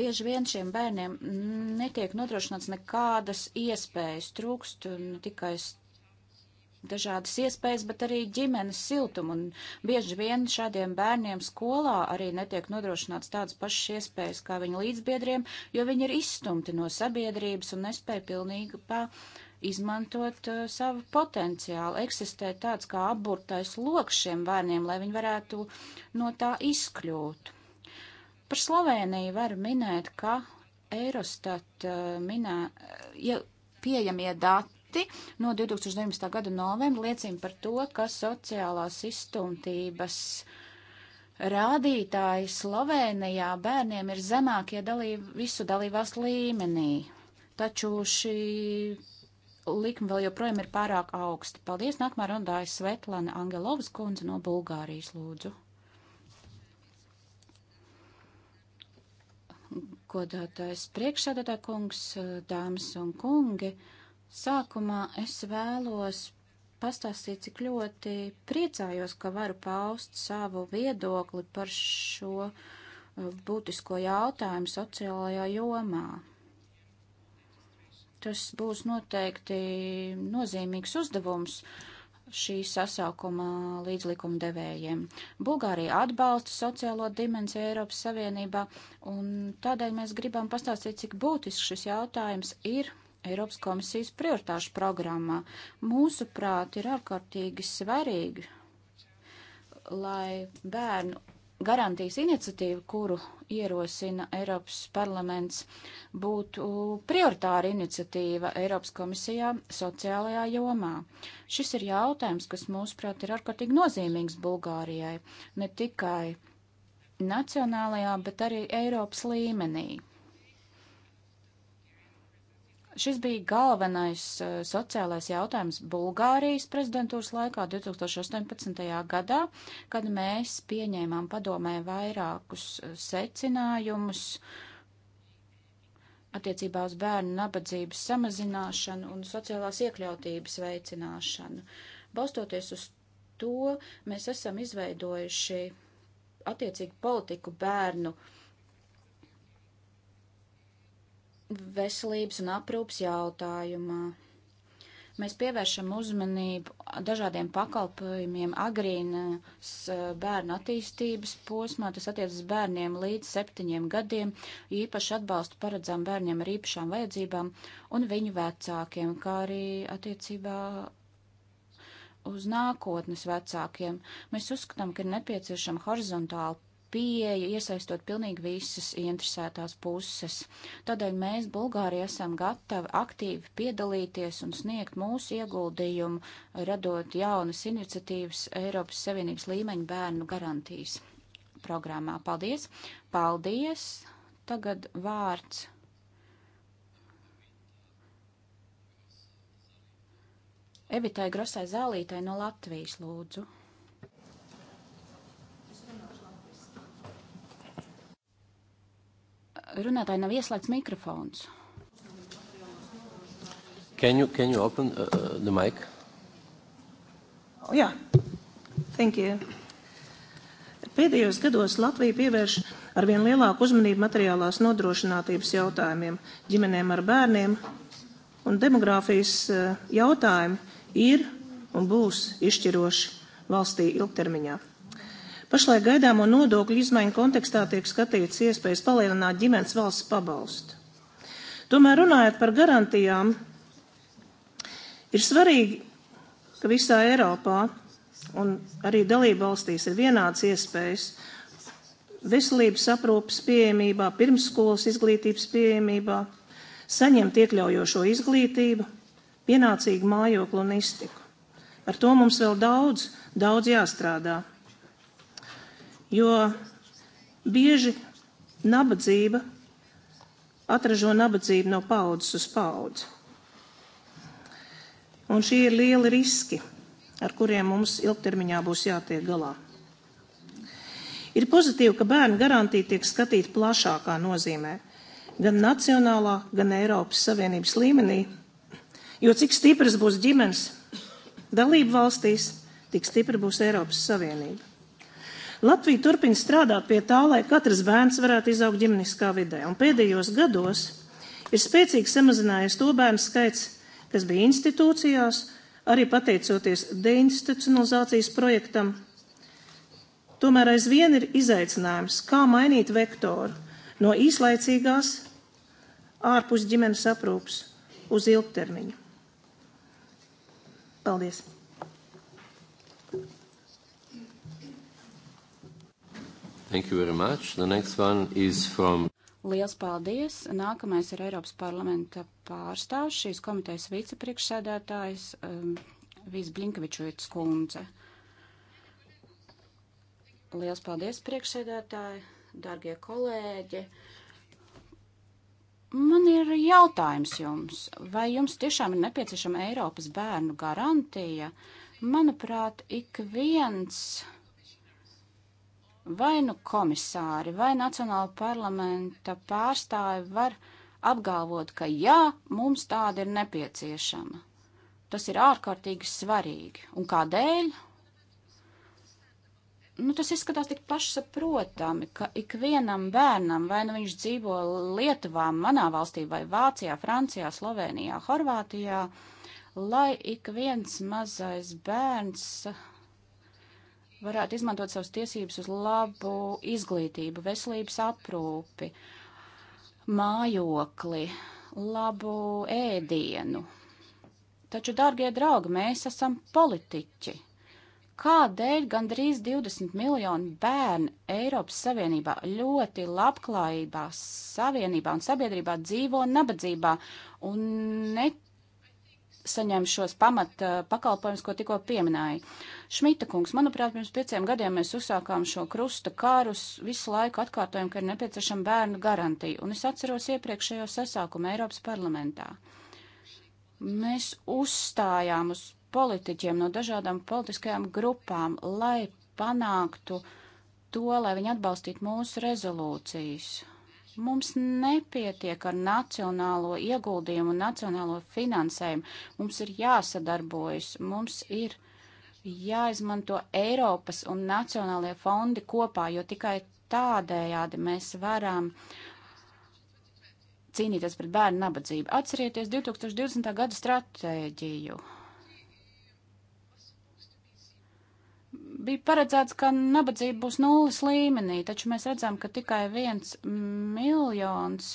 Bieži vien šiem bērniem netiek nodrošināts nekādas iespējas, trūkst ne tikai st dažādas iespējas, bet arī ģimenes siltumu. Un bieži vien šādiem bērniem skolā arī netiek nodrošināts tādas pašas iespējas kā viņu līdzbiedriem, jo viņi ir izstumti no sabiedrības un nespēja pilnīgi pā izmantot uh, savu potenciālu. Eksistē tāds kā aburtais loks šiem bērniem, lai viņi varētu no tā izkļūt. Par Sloveniju var minēt, ka Eurostat uh, minē, uh, ja pieejamie dati dati no 2019. gada novembra liecina par to, ka sociālās izstumtības rādītāji Slovenijā bērniem ir zemākie dalību, visu dalībās līmenī. Taču šī likme vēl joprojām ir pārāk augsta. Paldies, nākamā rundā ir Svetlana Angelovas kundze no Bulgārijas lūdzu. Godātais priekšsēdētāj kungs, dāmas un kungi. Uh, Sākumā es vēlos pastāstīt, cik ļoti priecājos, ka varu paust savu viedokli par šo uh, būtisko jautājumu sociālajā jomā. Tas būs noteikti nozīmīgs uzdevums šī sasaukuma līdzlikuma devējiem. Bulgārija atbalsta sociālo dimensiju Eiropas Savienībā, un tādēļ mēs gribam pastāstīt, cik būtisks šis jautājums ir Eiropas komisijas prioritāšu programmā. Mūsuprāt, ir ārkārtīgi svarīgi, lai bērnu garantijas iniciatīva, kuru ierosina Eiropas parlaments, būtu prioritāra iniciatīva Eiropas komisijā sociālajā jomā. Šis ir jautājums, kas, mūsuprāt, ir ārkārtīgi nozīmīgs Bulgārijai, ne tikai nacionālajā, bet arī Eiropas līmenī. Šis bija galvenais eh, sociālais jautājums Bulgārijas prezidentūras laikā 2018. gadā, kad mēs pieņēmām padomē vairākus eh, secinājumus attiecībā uz bērnu nabadzības samazināšanu un sociālās iekļautības veicināšanu. Balstoties uz to, mēs esam izveidojuši attiecīgu politiku bērnu uh, veselības un aprūpas jautājumā. Mēs pievēršam uzmanību dažādiem pakalpojumiem agrīnas eh, bērnu attīstības posmā, tas attiec uz bērniem līdz septiņiem gadiem, īpaši atbalstu paredzām bērniem ar īpašām vajadzībām un viņu vecākiem, kā arī attiecībā uz nākotnes vecākiem. Mēs uzskatām, ka ir nepieciešama horizontāla pieeja, iesaistot pilnīgi visas interesētās puses. Tādēļ mēs, Bulgāri, esam gatavi aktīvi piedalīties un sniegt mūsu ieguldījumu, radot jaunas iniciatīvas Eiropas Savienības līmeņa bērnu garantijas programmā. Paldies! Paldies! Tagad vārds. Evitai Grosai Zālītai no Latvijas lūdzu. runātāji nav ieslēgts mikrofons. Can you, can you open uh, uh the mic? Oh, jā, thank you. Pēdējos gados Latvija pievērš arvien lielāku uzmanību materiālās nodrošinātības jautājumiem, ģimenēm ar bērniem, un demogrāfijas uh, jautājumi ir un būs izšķiroši valstī ilgtermiņā. Pašlaik gaidāmo nodokļu izmaiņu kontekstā tiek skatīts iespējas palielināt ģimenes valsts pabalstu. Tomēr runājot par garantijām, ir svarīgi, ka visā Eiropā un arī dalību valstīs ir vienāds iespējas veselības aprūpas pieejamībā, pirmsskolas izglītības pieejamībā, saņemt iekļaujošo izglītību, pienācīgu mājokli un iztiku. Ar to mums vēl daudz, daudz jāstrādā jo bieži nabadzība atražo nabadzību no paudzes uz paudzi. Un šie ir lieli riski, ar kuriem mums ilgtermiņā būs jātiek galā. Ir pozitīvi, ka bērnu garantija tiek skatīta plašākā nozīmē, gan nacionālā, gan Eiropas Savienības līmenī, jo cik stipras būs ģimenes dalību valstīs, tik stipra būs Eiropas Savienība. Latvija turpina strādāt pie tā, lai katrs bērns varētu izaugt ģimeniskā vidē, un pēdējos gados ir spēcīgi samazinājies to bērnu skaits, kas bija institūcijās, arī pateicoties deinstitucionalizācijas projektam. Tomēr aizvien ir izaicinājums, kā mainīt vektoru no īslaicīgās ārpus ģimenes aprūpas uz ilgtermiņu. Paldies! Thank you very much. The next one is from. Liels paldies! Nākamais ir Eiropas parlamenta pārstāvs, šīs komitejas vicepriekšsēdētājs um, Vīs Blinkevičūts kundze. Liels paldies, priekšsēdētāji, dargie kolēģi! Man ir jautājums jums, vai jums tiešām ir nepieciešama Eiropas bērnu garantija? Manuprāt, ik viens vai nu komisāri, vai Nacionāla parlamenta pārstāvi var apgalvot, ka jā, mums tāda ir nepieciešama. Tas ir ārkārtīgi svarīgi. Un kādēļ? Nu, tas izskatās tik pašsaprotami, ka ikvienam bērnam, vai nu viņš dzīvo Lietuvā, manā valstī, vai Vācijā, Francijā, Slovenijā, Horvātijā, lai ik viens mazais bērns varētu izmantot savas tiesības uz labu izglītību, veselības aprūpi, mājokli, labu ēdienu. Taču, dārgie draugi, mēs esam politiķi. Kādēļ gandrīz 20 miljonu bērnu Eiropas Savienībā ļoti labklājībā, savienībā un sabiedrībā dzīvo nabadzībā un ne saņem šos pamat eh, pakalpojumus, ko tikko pieminēju? Uh, Šmita kungs, manuprāt, pirms pieciem gadiem mēs uzsākām šo krusta kārus, visu laiku atkārtojam, ka ir nepieciešama bērnu garantija, un es atceros iepriekšējo sasākumu Eiropas parlamentā. Mēs uzstājām uz politiķiem no dažādām politiskajām grupām, lai panāktu to, lai viņi atbalstītu mūsu rezolūcijas. Mums nepietiek ar nacionālo ieguldījumu un nacionālo finansējumu. Mums ir jāsadarbojas, mums ir jāizmanto Eiropas un nacionālie fondi kopā, jo tikai tādējādi mēs varam cīnīties pret bērnu nabadzību. Atcerieties 2020. gada stratēģiju. bija paredzēts, ka nabadzība būs nulles līmenī, taču mēs redzam, ka tikai viens miljons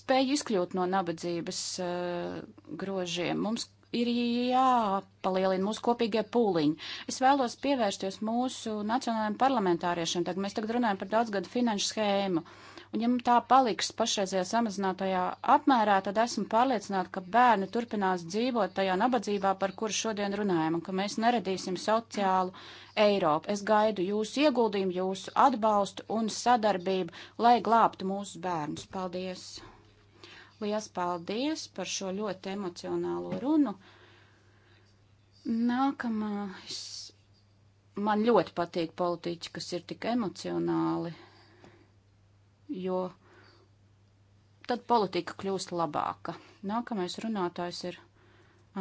spēja izkļūt no nabadzības uh, grožiem. Mums ir jāpalielina mūsu kopīgie pūliņi. Es vēlos pievērsties mūsu nacionālajiem parlamentāriešiem, tad mēs tagad runājam par daudzgadu finanšu schēmu. Un ja tā paliks pašreizajā samazinātajā apmērā, tad esmu pārliecināta, ka bērni turpinās dzīvot tajā nabadzībā, par kuru šodien runājam, un ka mēs neradīsim sociālu Eiropu. Es gaidu jūsu ieguldījumu, jūsu atbalstu un sadarbību, lai glābtu mūsu bērnus. Paldies! Lielas paldies par šo ļoti emocionālo runu. Nākamais. Man ļoti patīk politiķi, kas ir tik emocionāli, jo tad politika kļūst labāka. Nākamais runātājs ir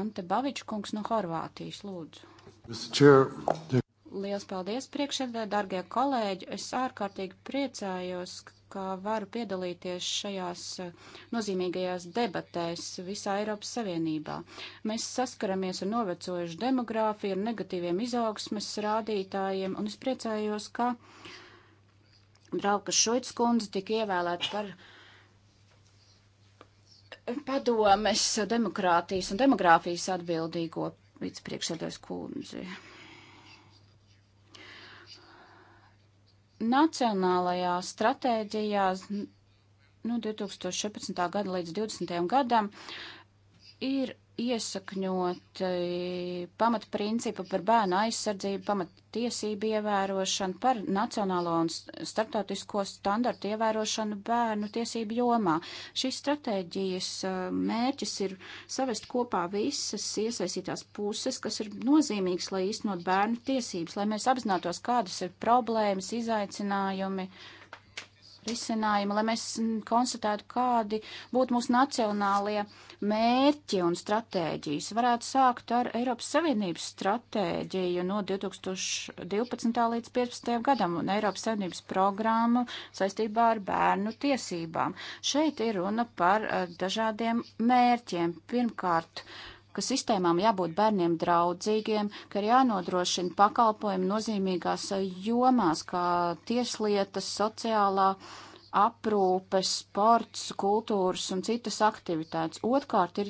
Ante Bavičs kungs no Horvātijas, lūdzu. Liels paldies priekšsēdē, dargie kolēģi. Es ārkārtīgi priecājos, ka varu piedalīties šajās eh, nozīmīgajās debatēs visā Eiropas Savienībā. Mēs saskaramies ar novecojušu demogrāfiju, ar negatīviem izaugsmes rādītājiem, un es priecājos, ka Brauka Šoits kundze tika ievēlēta par padomes eh, demokrātijas un demogrāfijas atbildīgo vicepriekšsēdājas kundzi. nacionālajā stratēģijā nu, 2014. gada līdz 2020. gadam ir iesakņot eh, pamatprincipu par bērnu aizsardzību, pamattiesību ievērošanu, par nacionālo un starptautisko standartu ievērošanu bērnu tiesību jomā. Šīs stratēģijas eh, mērķis ir savest kopā visas iesaistītās puses, kas ir nozīmīgs, lai īstenot bērnu tiesības, lai mēs apzinātos, kādas ir problēmas, izaicinājumi, uh, risinājumu, lai mēs konstatētu, kādi būtu mūsu nacionālie mērķi un stratēģijas. Varētu sākt ar Eiropas Savienības stratēģiju no 2012. līdz 2015. gadam un Eiropas Savienības programmu saistībā ar bērnu tiesībām. Šeit ir runa par eh, dažādiem mērķiem. Pirmkārt, uh, ka sistēmām jābūt bērniem draudzīgiem, ka ir jānodrošina pakalpojumi nozīmīgās jomās, kā tieslietas, sociālā aprūpe, sports, kultūras un citas aktivitātes. Otkārt ir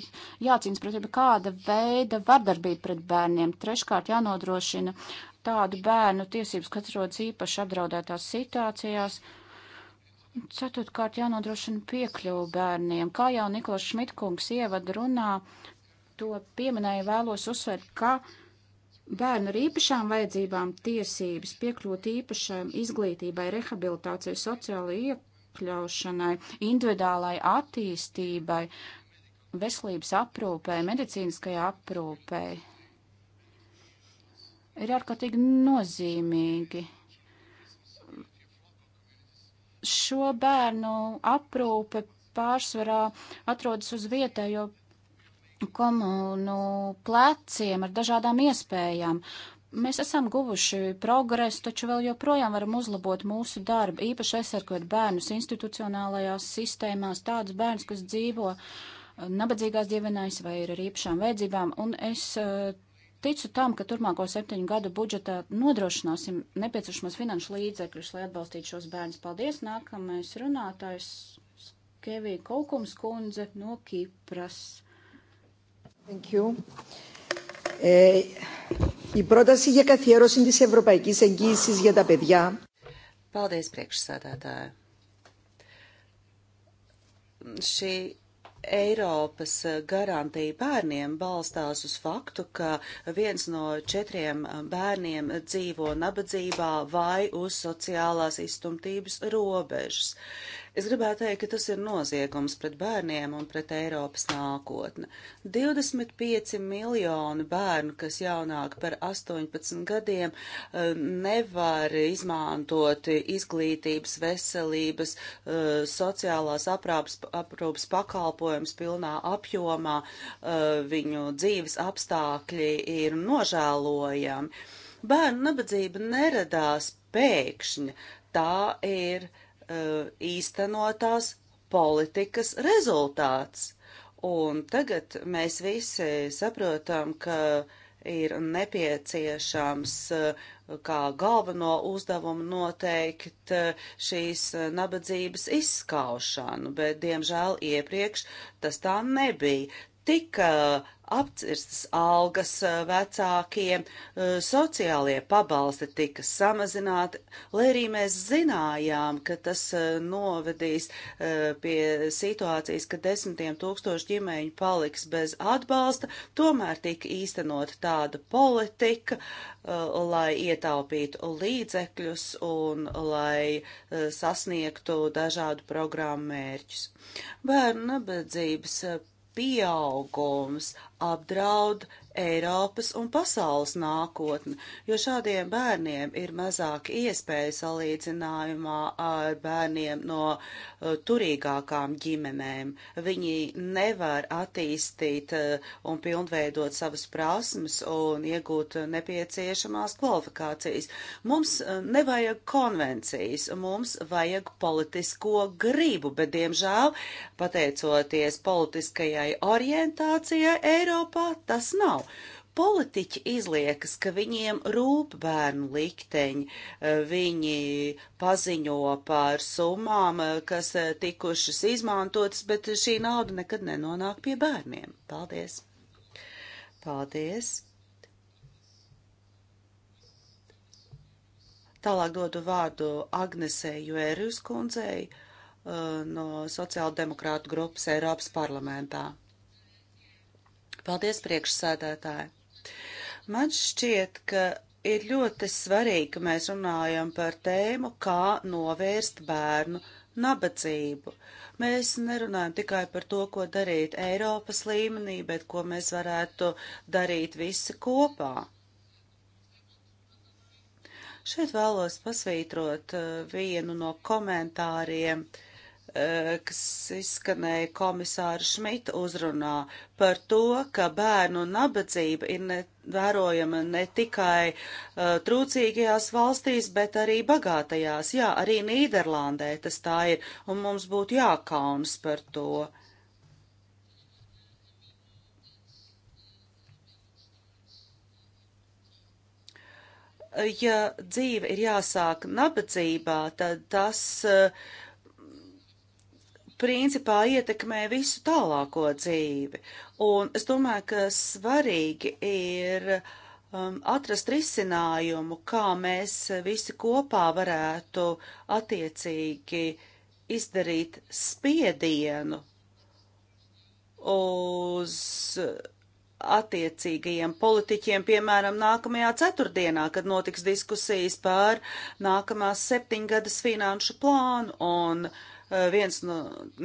jācīnas pret jau kāda veida vardarbību pret bērniem. Treškārt jānodrošina tādu bērnu tiesības, kas atrodas īpaši apdraudētās situācijās. Ceturtkārt jānodrošina piekļuvu bērniem. Kā jau Niklaus Šmitkungs ievad runā, to pieminēju, vēlos uzsvērt, ka bērnu ar īpašām vajadzībām tiesības piekļūt īpašam izglītībai, rehabilitācijai, sociālajai iekļaušanai, individuālai attīstībai, veselības aprūpē, medicīniskajā aprūpē ir ārkārtīgi nozīmīgi. Šo bērnu aprūpe pārsvarā atrodas uz vietējo komunu pleciem ar dažādām iespējām. Mēs esam guvuši progresu, taču vēl joprojām varam uzlabot mūsu darbu, īpaši aizsargot bērnus institucionālajās sistēmās, tādus bērnus, kas dzīvo eh, nabadzīgās ģimenēs vai ir ar īpašām vajadzībām. Un es eh, ticu tam, ka turpmāko septiņu gadu budžetā nodrošināsim nepieciešamos finanšu līdzekļus, lai atbalstītu šos bērnus. Paldies! Nākamais runātājs Kevija Kaukums kundze no Kipras. Thank you. Ε, η πρόταση για καθιέρωση της Ευρωπαϊκής Εγγύησης για τα παιδιά. Paldies, priekšsādātāji. Šī Eiropas eh, garantija bērniem balstās uz faktu, ka viens no četriem eh, bērniem dzīvo nabadzībā vai uz sociālās izstumtības robežas. Es gribētu teikt, ka tas ir noziegums pret bērniem un pret Eiropas nākotni. 25 miljoni bērnu, kas jaunāk par 18 gadiem, eh, nevar izmantot izglītības, veselības, sociālās aprāps, aprūpas pakalpojumus, pielietojams pilnā apjomā, eh, viņu dzīves apstākļi ir nožēlojami. Bērnu nabadzība neradās pēkšņi, tā ir eh, īstenotās politikas rezultāts. Un tagad mēs visi saprotam, ka uh, ir nepieciešams eh, kā galveno uzdevumu noteikt eh, šīs eh, nabadzības izskaušanu, bet, diemžēl, iepriekš tas tā nebija. Tika apcirstas algas vecākiem, sociālie pabalsti tika samazināti, lai arī mēs zinājām, ka tas novedīs pie situācijas, ka desmitiem tūkstoši ģimeņu paliks bez atbalsta, tomēr tika īstenot tāda politika, lai ietaupītu līdzekļus un lai sasniegtu dažādu programmu mērķus. Bērnu nabadzības pieaugums apdraud Eiropas un pasaules nākotni, jo šādiem bērniem ir mazāk iespēja salīdzinājumā ar bērniem no uh, turīgākām ģimenēm. Viņi nevar attīstīt uh, un pilnveidot savas prasmes un iegūt nepieciešamās kvalifikācijas. Mums uh, nevajag konvencijas, mums vajag politisko gribu, bet, diemžēl, pateicoties politiskajai orientācijai Eiropā, tas nav nav. Politiķi izliekas, ka viņiem rūp bērnu likteņi, viņi paziņo par summām, kas eh, tikušas izmantotas, bet šī nauda nekad nenonāk pie bērniem. Paldies! Paldies! Tālāk dodu vārdu Agnesei Jērijas kundzei eh, no sociāldemokrātu grupas Eiropas parlamentā. Paldies, priekšsēdētāji! Man šķiet, ka ir ļoti svarīgi, ka mēs runājam par tēmu, kā novērst bērnu nabadzību. Mēs nerunājam tikai par to, ko darīt Eiropas līmenī, bet ko mēs varētu darīt visi kopā. Šeit vēlos pasvītrot uh, vienu no komentāriem uh, Eh, kas izskanēja komisāra Šmita uzrunā par to, ka bērnu nabadzība ir ne, vērojama ne tikai uh, trūcīgajās valstīs, bet arī bagātajās. Jā, arī Nīderlandē tas tā ir, un mums būtu jākaunas par to. Ja dzīve ir jāsāk nabadzībā, tad tas uh, principā ietekmē visu tālāko dzīvi. Un es domāju, ka svarīgi ir um, atrast risinājumu, kā mēs visi kopā varētu attiecīgi izdarīt spiedienu uz attiecīgajiem politiķiem, piemēram, nākamajā ceturtdienā, kad notiks diskusijas par nākamās septiņgadas finanšu plānu, un Eh, viens no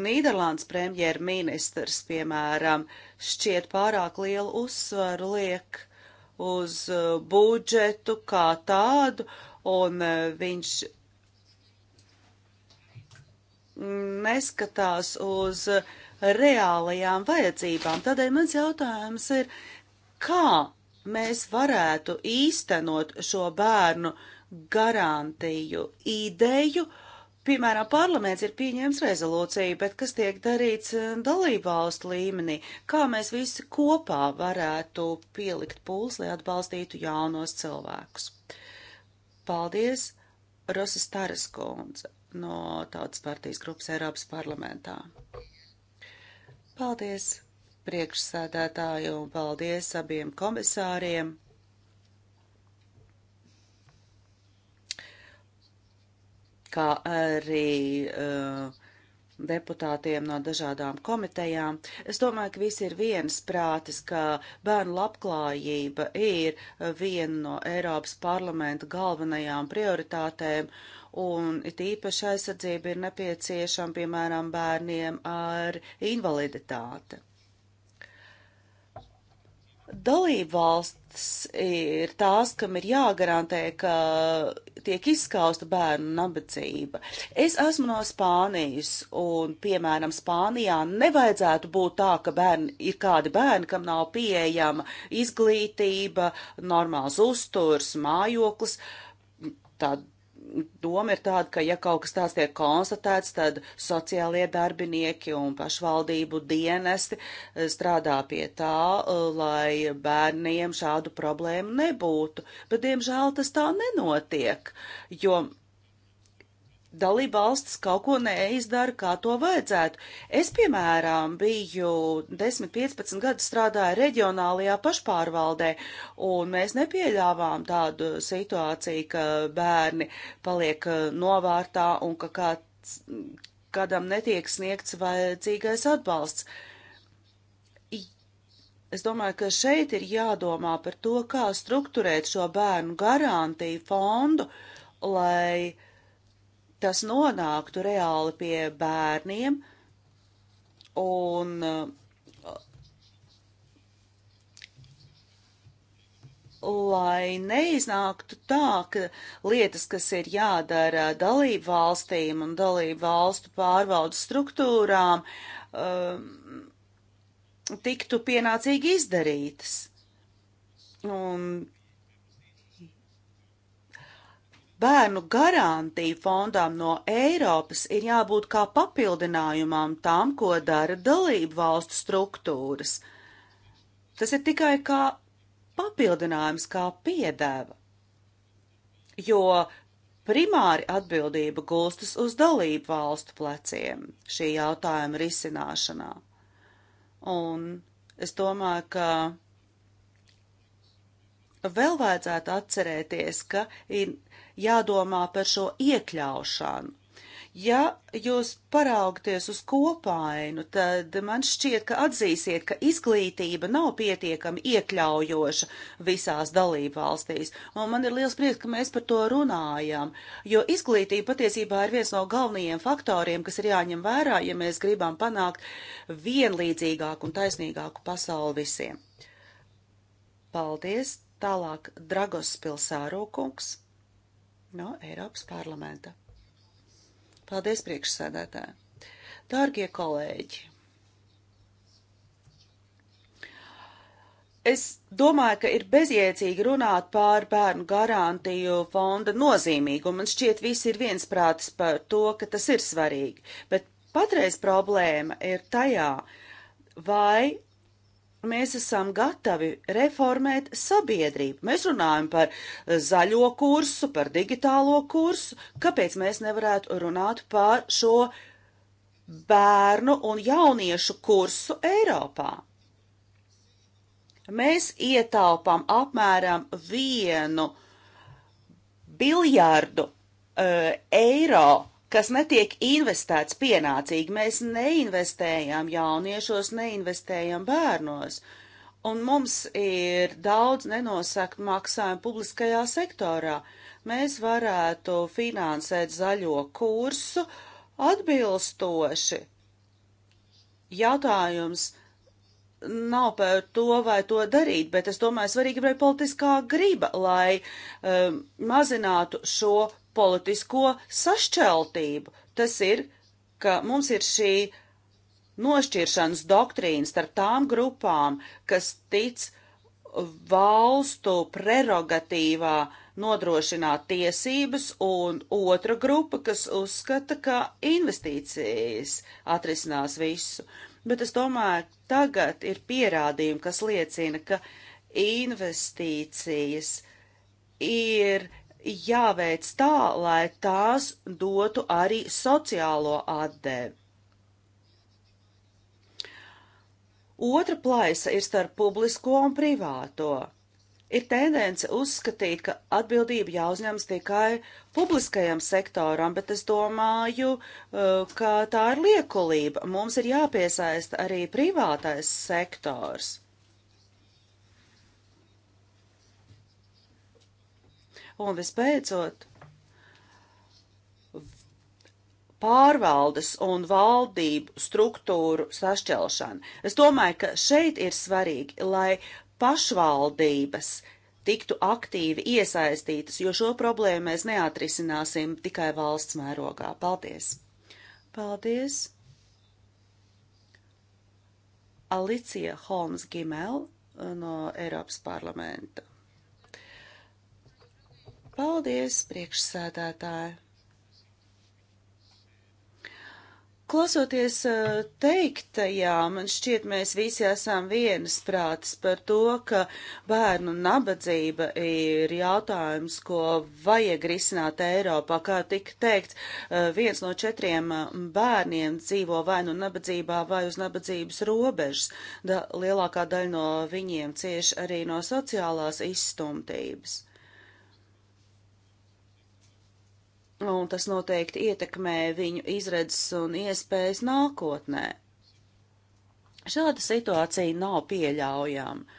Nīderlandes premjerministrs, piemēram, šķiet pārāk lielu uzsvaru liek uz eh, budžetu kā tādu, un eh, viņš neskatās uz reālajām vajadzībām. Tādēļ mans jautājums ir, kā mēs varētu īstenot šo bērnu garantiju ideju, uh, Piemēram, parlaments ir pieņēmis rezolūciju, bet kas tiek darīts eh, dalībvalstu līmenī? Kā mēs visi kopā varētu pielikt pūles, lai atbalstītu jaunos cilvēkus? Paldies, Rosas Taras kundze no Tautas partijas grupas Eiropas parlamentā. Paldies priekšsēdētāju un paldies abiem komisāriem. kā arī uh, deputātiem no dažādām komitejām. Es domāju, ka visi ir vienas prātis, ka bērnu labklājība ir viena no Eiropas parlamenta galvenajām prioritātēm, un it īpaši aizsardzība ir nepieciešama, piemēram, bērniem ar invaliditāti. Dalībvalsts ir tās, kam ir jāgarantē, ka tiek izskausta bērnu nabadzība. Es esmu no Spānijas, un, piemēram, Spānijā nevajadzētu būt tā, ka bērni, ir kādi bērni, kam nav pieejama izglītība, normāls uzturs, mājoklis. Tad doma ir tāda, ka ja kaut kas tāds tiek konstatēts, tad sociālie darbinieki un pašvaldību dienesti eh, strādā pie tā, eh, lai bērniem šādu problēmu nebūtu. Bet, diemžēl, tas tā nenotiek, jo dalība valstis kaut ko neizdara, kā to vajadzētu. Es, piemēram, biju 10-15 gadu strādāju reģionālajā pašpārvaldē, un mēs nepieļāvām tādu situāciju, ka bērni paliek eh, novārtā un ka kāds, kādam netiek sniegts vajadzīgais atbalsts. Es domāju, ka šeit ir jādomā par to, kā strukturēt šo bērnu garantiju fondu, lai uh, tas nonāktu reāli pie bērniem un uh, lai neiznāktu tā, ka lietas, kas ir jādara dalību valstīm un dalību valstu pārvaldes struktūrām, um, tiktu pienācīgi izdarītas. Un Bērnu garantiju fondām no Eiropas ir jābūt kā papildinājumam tam, ko dara dalību valstu struktūras. Tas ir tikai kā papildinājums, kā piedeva. Jo primāri atbildība gulstas uz dalību valstu pleciem šī jautājuma risināšanā. Un es domāju, ka vēl vajadzētu atcerēties, ka ir jādomā par šo iekļaušanu. Ja jūs paraugties uz kopainu, tad man šķiet, ka atzīsiet, ka izglītība nav pietiekami iekļaujoša visās dalību valstīs. Un man ir liels prieks, ka mēs par to runājam, jo izglītība patiesībā ir viens no galvenajiem faktoriem, kas ir jāņem vērā, ja mēs gribam panākt vienlīdzīgāku un taisnīgāku pasauli visiem. Paldies! Tālāk Dragos Pilsāro kungs no Eiropas parlamenta. Paldies priekšsēdētāji! Dārgie kolēģi! Es domāju, ka ir bezjēdzīgi runāt par bērnu garantiju fonda nozīmīgumu. Man šķiet, visi ir viensprātis par to, ka tas ir svarīgi. Bet patreiz problēma ir tajā, vai mēs esam gatavi reformēt sabiedrību. Mēs runājam par zaļo kursu, par digitālo kursu. Kāpēc mēs nevarētu runāt par šo bērnu un jauniešu kursu Eiropā? Mēs ietaupām apmēram vienu biljardu uh, eiro kas netiek investēts pienācīgi. Mēs neinvestējam jauniešos, neinvestējam bērnos. Un mums ir daudz nenosakt maksājumu publiskajā sektorā. Mēs varētu finansēt zaļo kursu atbilstoši. Jautājums nav par to, vai to darīt, bet es domāju, svarīgi ir politiskā griba, lai um, mazinātu šo politisko sašķeltību. Tas ir, ka mums ir šī nošķiršanas doktrīna starp tām grupām, kas tic valstu prerogatīvā nodrošināt tiesības, un otra grupa, kas uzskata, ka investīcijas atrisinās visu. Bet es domāju, tagad ir pierādījumi, kas liecina, ka investīcijas ir jāveic tā, lai tās dotu arī sociālo atdevi. Otra plaisa ir starp publisko un privāto. Ir tendence uzskatīt, ka atbildība jāuzņemas tikai publiskajam sektoram, bet es domāju, eh, ka tā ir liekulība. Mums ir jāpiesaista arī privātais sektors. Un visbeidzot, pārvaldes un valdību struktūru sašķelšana. Es domāju, ka šeit ir svarīgi, lai pašvaldības tiktu aktīvi iesaistītas, jo šo problēmu mēs neatrisināsim tikai valsts mērogā. Paldies! Paldies! Alicija Holmes Gimel eh, no Eiropas parlamenta. Paldies, priekšsēdētāji! Klausoties eh, teiktajā, man šķiet, mēs visi esam viensprātis par to, ka bērnu nabadzība ir jautājums, ko vajag risināt Eiropā. Kā tika teikt, eh, viens no četriem mm, bērniem dzīvo vai nu nabadzībā, vai uz nabadzības robežas. Da, lielākā daļa no viņiem cieši arī no sociālās izstumtības. un tas noteikti ietekmē viņu izredzes un iespējas nākotnē. Šāda situācija nav pieļaujama.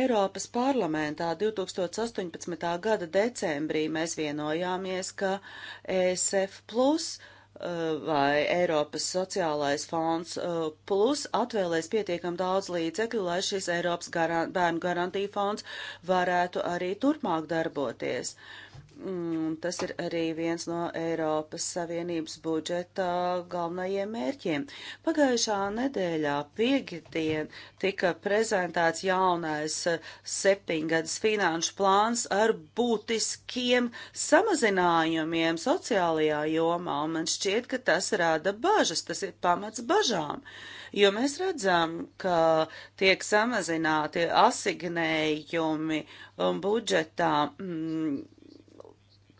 Eiropas parlamentā 2018. gada decembrī mēs vienojāmies, ka ESF plus uh, vai Eiropas sociālais fonds uh, plus atvēlēs pietiekam daudz līdzekļu, lai šis Eiropas garan bērnu garantija fonds varētu arī turpmāk darboties. Uh, Mm, un tas ir arī viens no Eiropas Savienības budžeta galvenajiem mērķiem. Pagājušā nedēļā piekdien tika prezentēts jaunais septiņgadas finanšu plāns ar būtiskiem samazinājumiem sociālajā jomā, un man šķiet, ka tas rada bažas, tas ir pamats bažām jo mēs redzam, ka tiek samazināti asignējumi um, budžetā. Mm,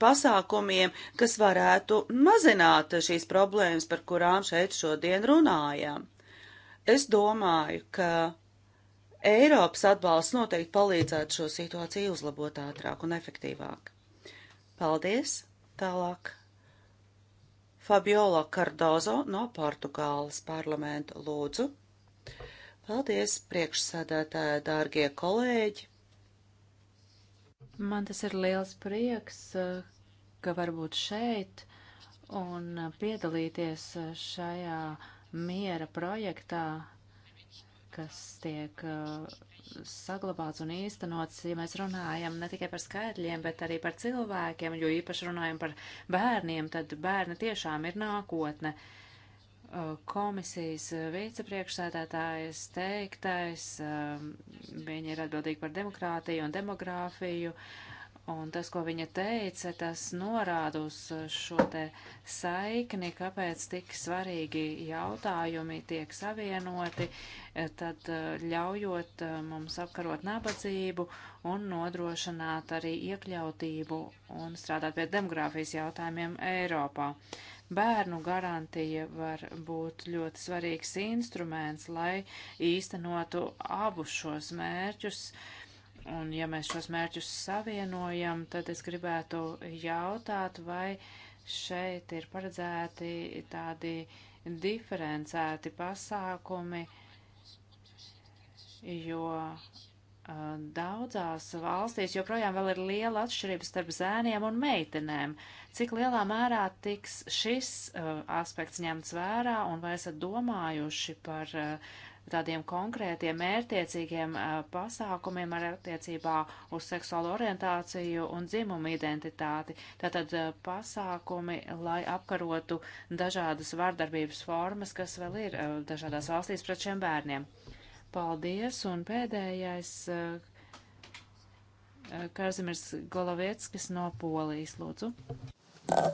pasākumiem, kas varētu mazināt šīs problēmas, par kurām šeit šodien runājam. Es domāju, ka Eiropas atbalsts noteikti palīdzētu šo situāciju uzlabot ātrāk un efektīvāk. Paldies! Tālāk Fabiola Cardozo no Portugāles parlamenta lūdzu. Paldies, priekšsēdētāji, dārgie kolēģi! Man tas ir liels prieks, eh, ka varbūt šeit un eh, piedalīties eh, šajā miera projektā, kas tiek saglabāts un īstenots, ja mēs runājam ne tikai par skaitļiem, bet arī par cilvēkiem, jo īpaši runājam par bērniem, tad bērni tiešām ir nākotne. Uh, komisijas vicepriekšsēdētājas teiktais, um, viņa ir atbildīga par demokrātiju un demogrāfiju, un tas, ko viņa teica, tas norāda uz šo te saikni, kāpēc tik svarīgi jautājumi tiek savienoti, eh, tad eh, ļaujot eh, mums apkarot nabadzību un nodrošināt arī iekļautību un strādāt pie demogrāfijas jautājumiem Eiropā. Bērnu garantija var būt ļoti svarīgs instruments, lai īstenotu abus šos mērķus. Un ja mēs šos mērķus savienojam, tad es gribētu jautāt, vai šeit ir paredzēti tādi diferencēti pasākumi, jo daudzās valstīs joprojām vēl ir liela atšķirība starp zēniem un meitenēm. Uh, Cik lielā mērā tiks šis uh, aspekts ņemts vērā un vai esat domājuši par uh, tādiem konkrētiem mērtiecīgiem uh, pasākumiem ar attiecībā uz seksuālo orientāciju un dzimumu identitāti. Tātad uh, pasākumi, lai apkarotu dažādas vardarbības formas, kas vēl ir uh, dažādās valstīs pret šiem bērniem. Paldies, un pēdējais uh, Eh, Kazimirs Golovieckis no Polijas, lūdzu.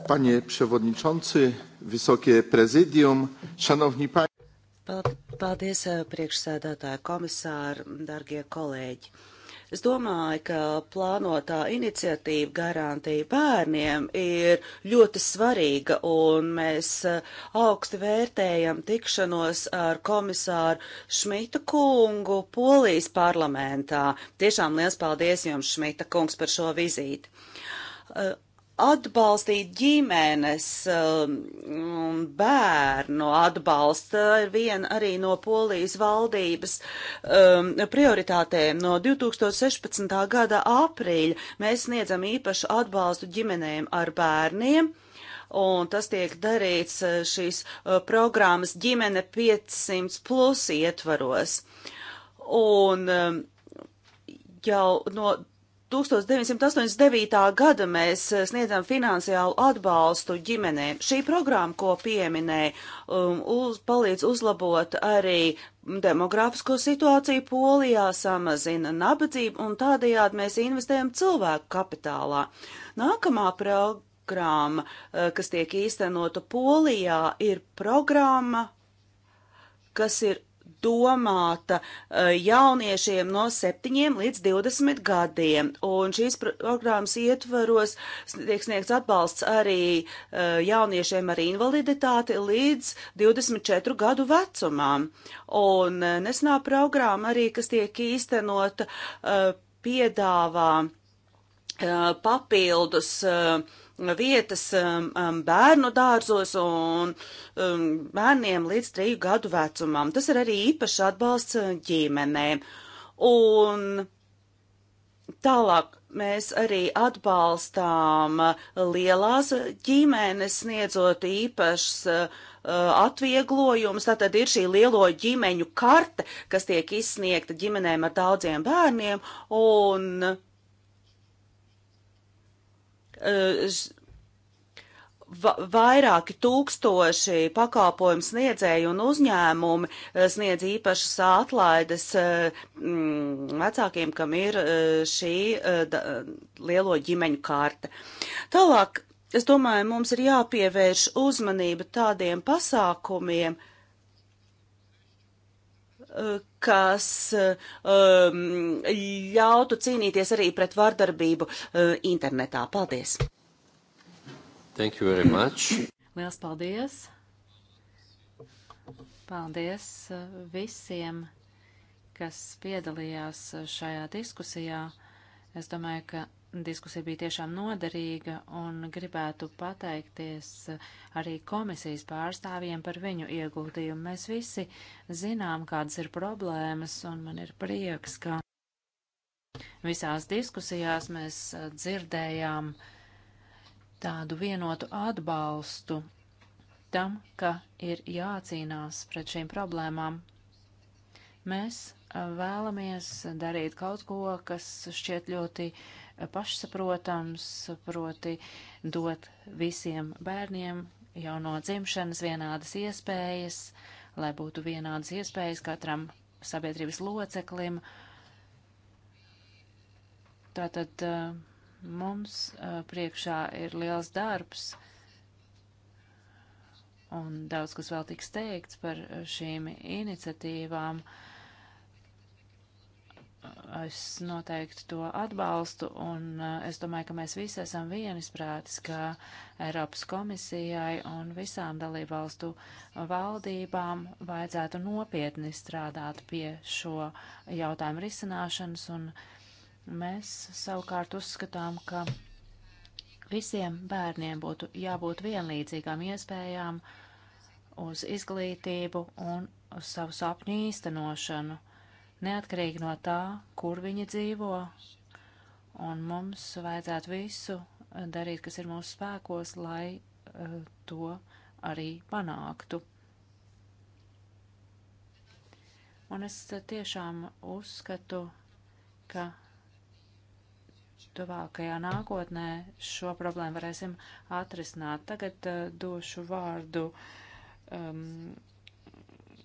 Panie przewodniczący, wysokie prezydium, szanowni państwo. Paldies, eh, priekšsēdētāja komisāra, dargie kolēģi. Es domāju, ka plānotā iniciatīva garantija bērniem ir ļoti svarīga, un mēs eh, augsti vērtējam tikšanos ar komisāru Šmita kungu Polijas parlamentā. Tiešām liels paldies jums, Šmita kungs, par šo vizīti. Eh, atbalstīt ģimenes um, un bērnu atbalsta ir viena arī no polijas valdības um, prioritātēm. No 2016. gada aprīļa mēs sniedzam īpašu atbalstu ģimenēm ar bērniem. Un tas tiek darīts uh, šīs uh, programmas ģimene 500 plus ietvaros. Un um, jau no 1989. gada mēs eh, sniedzam finansiālu atbalstu ģimenēm. Šī programma, ko pieminēja, um, uz, palīdz uzlabot arī demografisko situāciju Polijā, samazina nabadzību un tādējādi mēs investējam cilvēku kapitālā. Nākamā programma, eh, kas tiek īstenota Polijā, ir programma kas ir domāta eh, jauniešiem no 7 līdz 20 gadiem. Un šīs programmas ietvaros tiek sniegts atbalsts arī eh, jauniešiem ar invaliditāti līdz 24 gadu vecumam. Un eh, nesenā programma arī, kas tiek īstenota, piedāvā papildus uh, vietas um, um, bērnu dārzos un um, bērniem līdz triju gadu vecumam. Tas ir arī īpaši atbalsts uh, ģimenēm. Un tālāk mēs arī atbalstām uh, lielās ģimenes, sniedzot īpašs uh, uh atvieglojums. Tātad ir šī lielo ģimeņu karte, kas tiek izsniegta ģimenēm ar daudziem bērniem. Un, uh, Eh, vairāki tūkstoši pakalpojumu sniedzēju un uzņēmumi eh, sniedz īpašas atlaides eh, mm, vecākiem, kam ir šī lielo ģimeņu kārta. Tālāk, es domāju, mums ir jāpievērš uzmanība tādiem pasākumiem, kas um, ļautu cīnīties arī pret vardarbību uh, internetā. Paldies! Thank you very much. Liels paldies! Paldies uh, visiem, kas piedalījās uh, šajā diskusijā. Es domāju, ka diskusija bija tiešām noderīga un gribētu pateikties arī komisijas pārstāvjiem par viņu ieguldījumu. Mēs visi zinām, kādas ir problēmas, un man ir prieks, ka visās diskusijās mēs uh, dzirdējām tādu vienotu atbalstu tam, ka ir jācīnās pret šīm problēmām. Mēs uh, vēlamies darīt kaut ko, kas šķiet ļoti uh, pašsaprotams, proti dot visiem bērniem jau no dzimšanas vienādas iespējas, lai būtu vienādas iespējas katram sabiedrības loceklim. Tātad eh, mums eh, priekšā ir liels darbs un daudz, kas vēl tiks teikts par eh, šīm iniciatīvām. Uh, es noteikti to atbalstu, un eh, es domāju, ka mēs visi esam vienisprātis, ka Eiropas komisijai un visām dalībvalstu valdībām vajadzētu nopietni strādāt pie šo jautājumu risināšanas, un mēs savukārt uzskatām, ka visiem bērniem būtu jābūt vienlīdzīgām iespējām uz izglītību un uz savu sapņu īstenošanu neatkarīgi no tā, kur viņi dzīvo, un mums vajadzētu visu darīt, kas ir mūsu spēkos, lai uh, to arī panāktu. Un es tiešām uzskatu, ka tuvākajā nākotnē šo problēmu varēsim atrisināt. Tagad uh, došu vārdu um,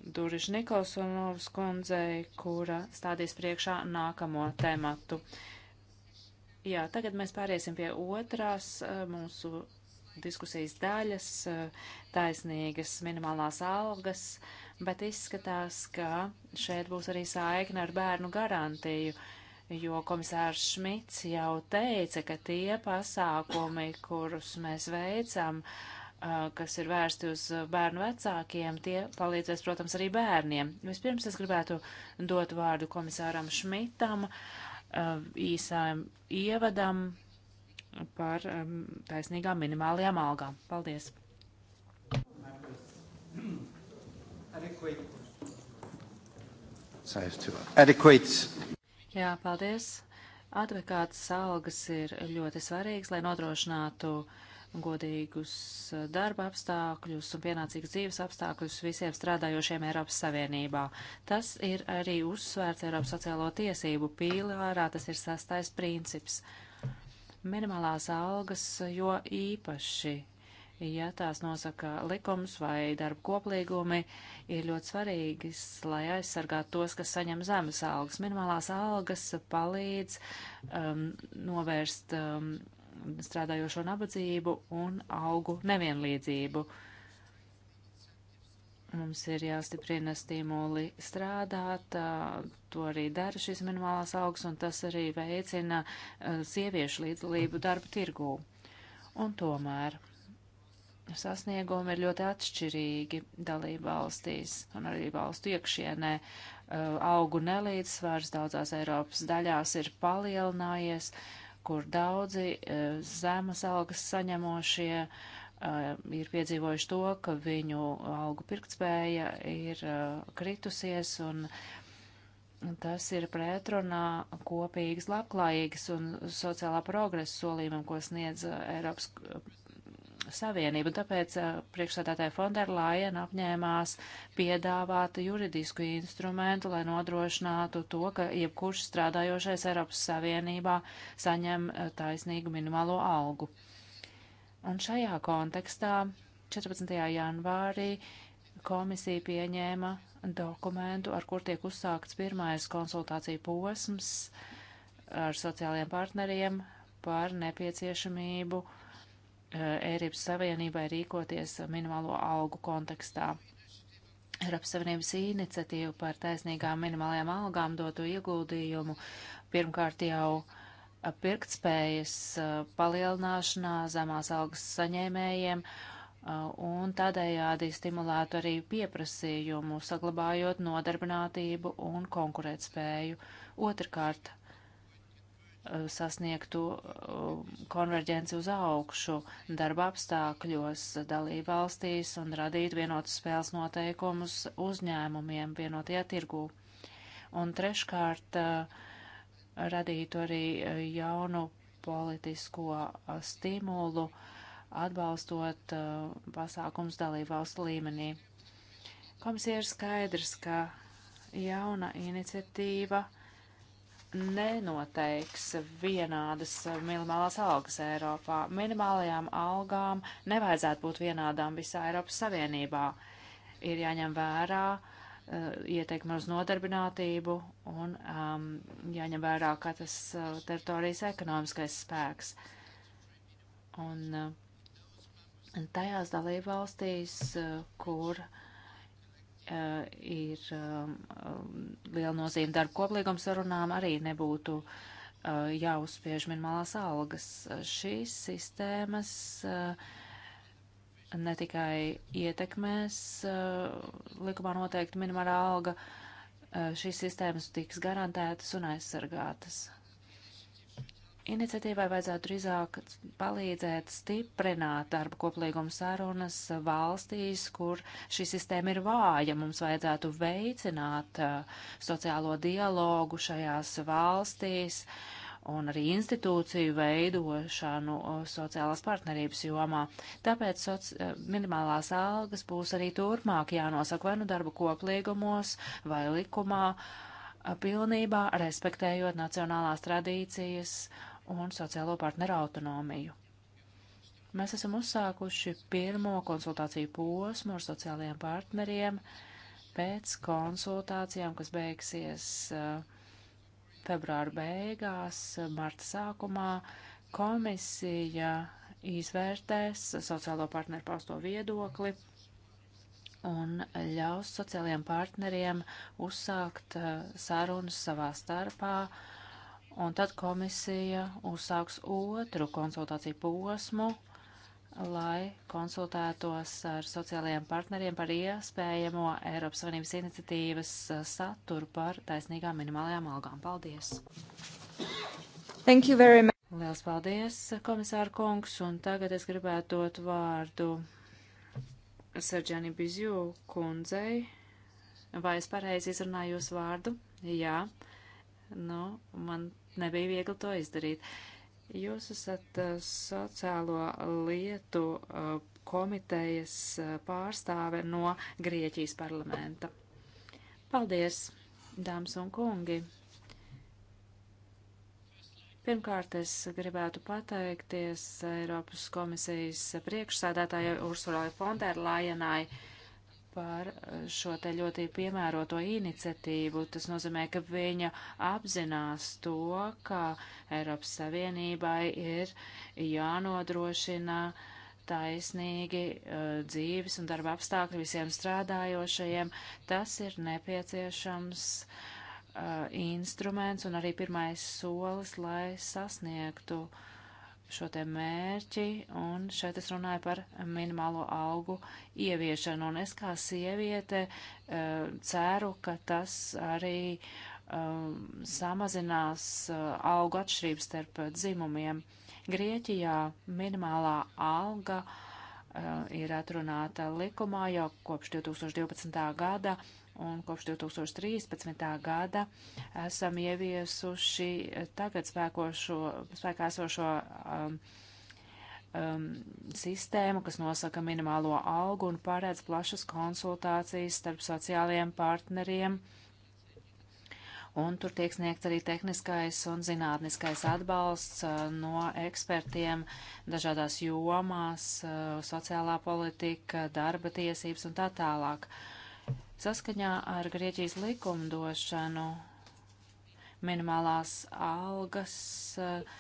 Duriš Nikolsonovas kundzei, kura stādīs priekšā nākamo tematu. Jā, tagad mēs pāriesim pie otrās eh, mūsu diskusijas daļas, eh, taisnīgas minimālās algas, bet izskatās, ka šeit būs arī saikne ar bērnu garantiju, jo komisārs Šmits jau teica, ka tie pasākumi, kurus mēs veicam, uh, Uh, kas ir vērsti uz uh, bērnu vecākiem, tie palīdzēs, protams, arī bērniem. Vispirms es gribētu dot vārdu komisāram Šmitam uh, īsām ievadam par um, taisnīgām minimālajām algām. Paldies! Adequate. Jā, paldies. Advekātas algas ir ļoti svarīgas, lai nodrošinātu uh, godīgus eh, darba apstākļus un pienācīgas dzīves apstākļus visiem strādājošiem Eiropas Savienībā. Tas ir arī uzsvērts Eiropas sociālo tiesību pīlārā, tas ir sastais princips. Minimālās algas, jo īpaši, ja tās nosaka likums vai darba koplīgumi, ir ļoti svarīgas, lai aizsargātu tos, kas saņem zemes algas. Minimālās algas palīdz um, novērst um, strādājošo nabadzību un augu nevienlīdzību. Mums ir jāstiprina stimuli strādāt, to arī dara šis minimālās augs, un tas arī veicina sieviešu līdzdalību darba tirgū. Un tomēr sasniegumi ir ļoti atšķirīgi dalību valstīs un arī valstu iekšienē. Augu nelīdzsvars daudzās Eiropas daļās ir palielinājies, uh, kur daudzi e, zemas algas saņemošie e, ir piedzīvojuši to, ka viņu algu pirktspēja ir e, kritusies un tas ir pretrunā kopīgas labklājīgas un sociālā progresa solījumam, ko sniedz Eiropas Savienību. Tāpēc eh, priekšsādātāja Fonderlaien apņēmās piedāvāt juridisku instrumentu, lai nodrošinātu to, ka jebkurš strādājošais Eiropas Savienībā saņem eh, taisnīgu minimālo algu. Un šajā kontekstā 14. janvārī komisija pieņēma dokumentu, ar kur tiek uzsākts pirmais konsultāciju posms ar sociālajiem partneriem par nepieciešamību uh, Eh, Eiropas Savienībai rīkoties minimālo algu kontekstā. Eiropas Savienības iniciatīva par taisnīgām minimālajām algām dotu ieguldījumu pirmkārt jau pirktspējas eh, palielināšanā zemās algas saņēmējiem eh, un tādējādi stimulētu arī pieprasījumu, saglabājot nodarbinātību un konkurētspēju. Otrkārt, Uh, sasniegtu uh, konverģenci uz augšu darba apstākļos dalība valstīs un radītu vienotas spēles noteikumus uzņēmumiem vienotajā tirgū. Un treškārt uh, radītu arī jaunu politisko stimulu atbalstot pasākums dalību valstu līmenī. Komisija ir skaidrs, ka jauna iniciatīva uh, nenoteiks vienādas minimālās algas Eiropā. Minimālajām algām nevajadzētu būt vienādām visā Eiropas Savienībā. Ir jāņem vērā uh, ieteikumi uz nodarbinātību un um, jāņem vērā katras uh, teritorijas ekonomiskais spēks. Un uh, tajās dalībvalstīs, uh, kur uh, ir liela nozīme darba koplīgums sarunām arī nebūtu jāuzspiež minimālās algas. Šīs sistēmas ne tikai ietekmēs likumā noteikti minimālā alga, šīs sistēmas tiks garantētas un aizsargātas. Iniciatīvai vajadzētu drīzāk palīdzēt stiprināt darba koplīguma sarunas valstīs, kur šī sistēma ir vāja. Mums vajadzētu veicināt uh, sociālo dialogu šajās valstīs un arī institūciju veidošanu uh, sociālās partnerības jomā. Tāpēc soci uh, minimālās algas būs arī turpmāk jānosaka vai nu darba koplīgumos vai likumā uh, pilnībā respektējot nacionālās tradīcijas un sociālo partneru autonomiju. Mēs esam uzsākuši pirmo konsultāciju posmu ar sociālajiem partneriem pēc konsultācijām, kas beigsies uh, februāra beigās, marta sākumā. Komisija izvērtēs sociālo partneru pausto viedokli un ļaus sociālajiem partneriem uzsākt uh, sarunas savā starpā uh, un tad komisija uzsāks otru konsultāciju posmu, lai konsultētos ar sociālajiem partneriem par iespējamo Eiropas Savienības iniciatīvas uh, saturu par taisnīgām minimālajām algām. Paldies! Thank you very much. Liels paldies, komisāra kungs, un tagad es gribētu dot vārdu Serģēni Bizju kundzei. Vai es pareizi izrunāju jūsu vārdu? Jā. Nu, man nebija viegli to izdarīt. Jūs esat uh, sociālo lietu uh, komitejas uh, pārstāve no Grieķijas parlamenta. Paldies, dāmas un kungi! Pirmkārt, es gribētu pateikties Eiropas komisijas priekšsādātājai Ursulai Fonderlajenai. Lajenai par eh, šo te ļoti piemēroto iniciatīvu. Tas nozīmē, ka viņa apzinās to, ka Eiropas Savienībai ir jānodrošina taisnīgi uh, dzīves un darba apstākļi visiem strādājošajiem. Tas ir nepieciešams uh, instruments un arī pirmais solis, lai sasniegtu uh, šo te mērķi, un šeit es runāju par minimālo algu ieviešanu, un es kā sieviete eh, ceru, ka tas arī um, samazinās eh, algu atšķirības starp dzimumiem. Grieķijā minimālā alga uh, ir atrunāta likumā jau kopš 2012. gada, un kopš 2013. gada esam ieviesuši tagad spēkošo, spēkā esošo um, um, sistēmu, kas nosaka minimālo algu un paredz plašas konsultācijas starp sociālajiem partneriem. Un tur tiek sniegts arī tehniskais un zinātniskais atbalsts uh, no ekspertiem dažādās jomās, uh, sociālā politika, darba tiesības un tā tālāk. Uh, Saskaņā ar Grieķijas likumdošanu minimālās algas eh,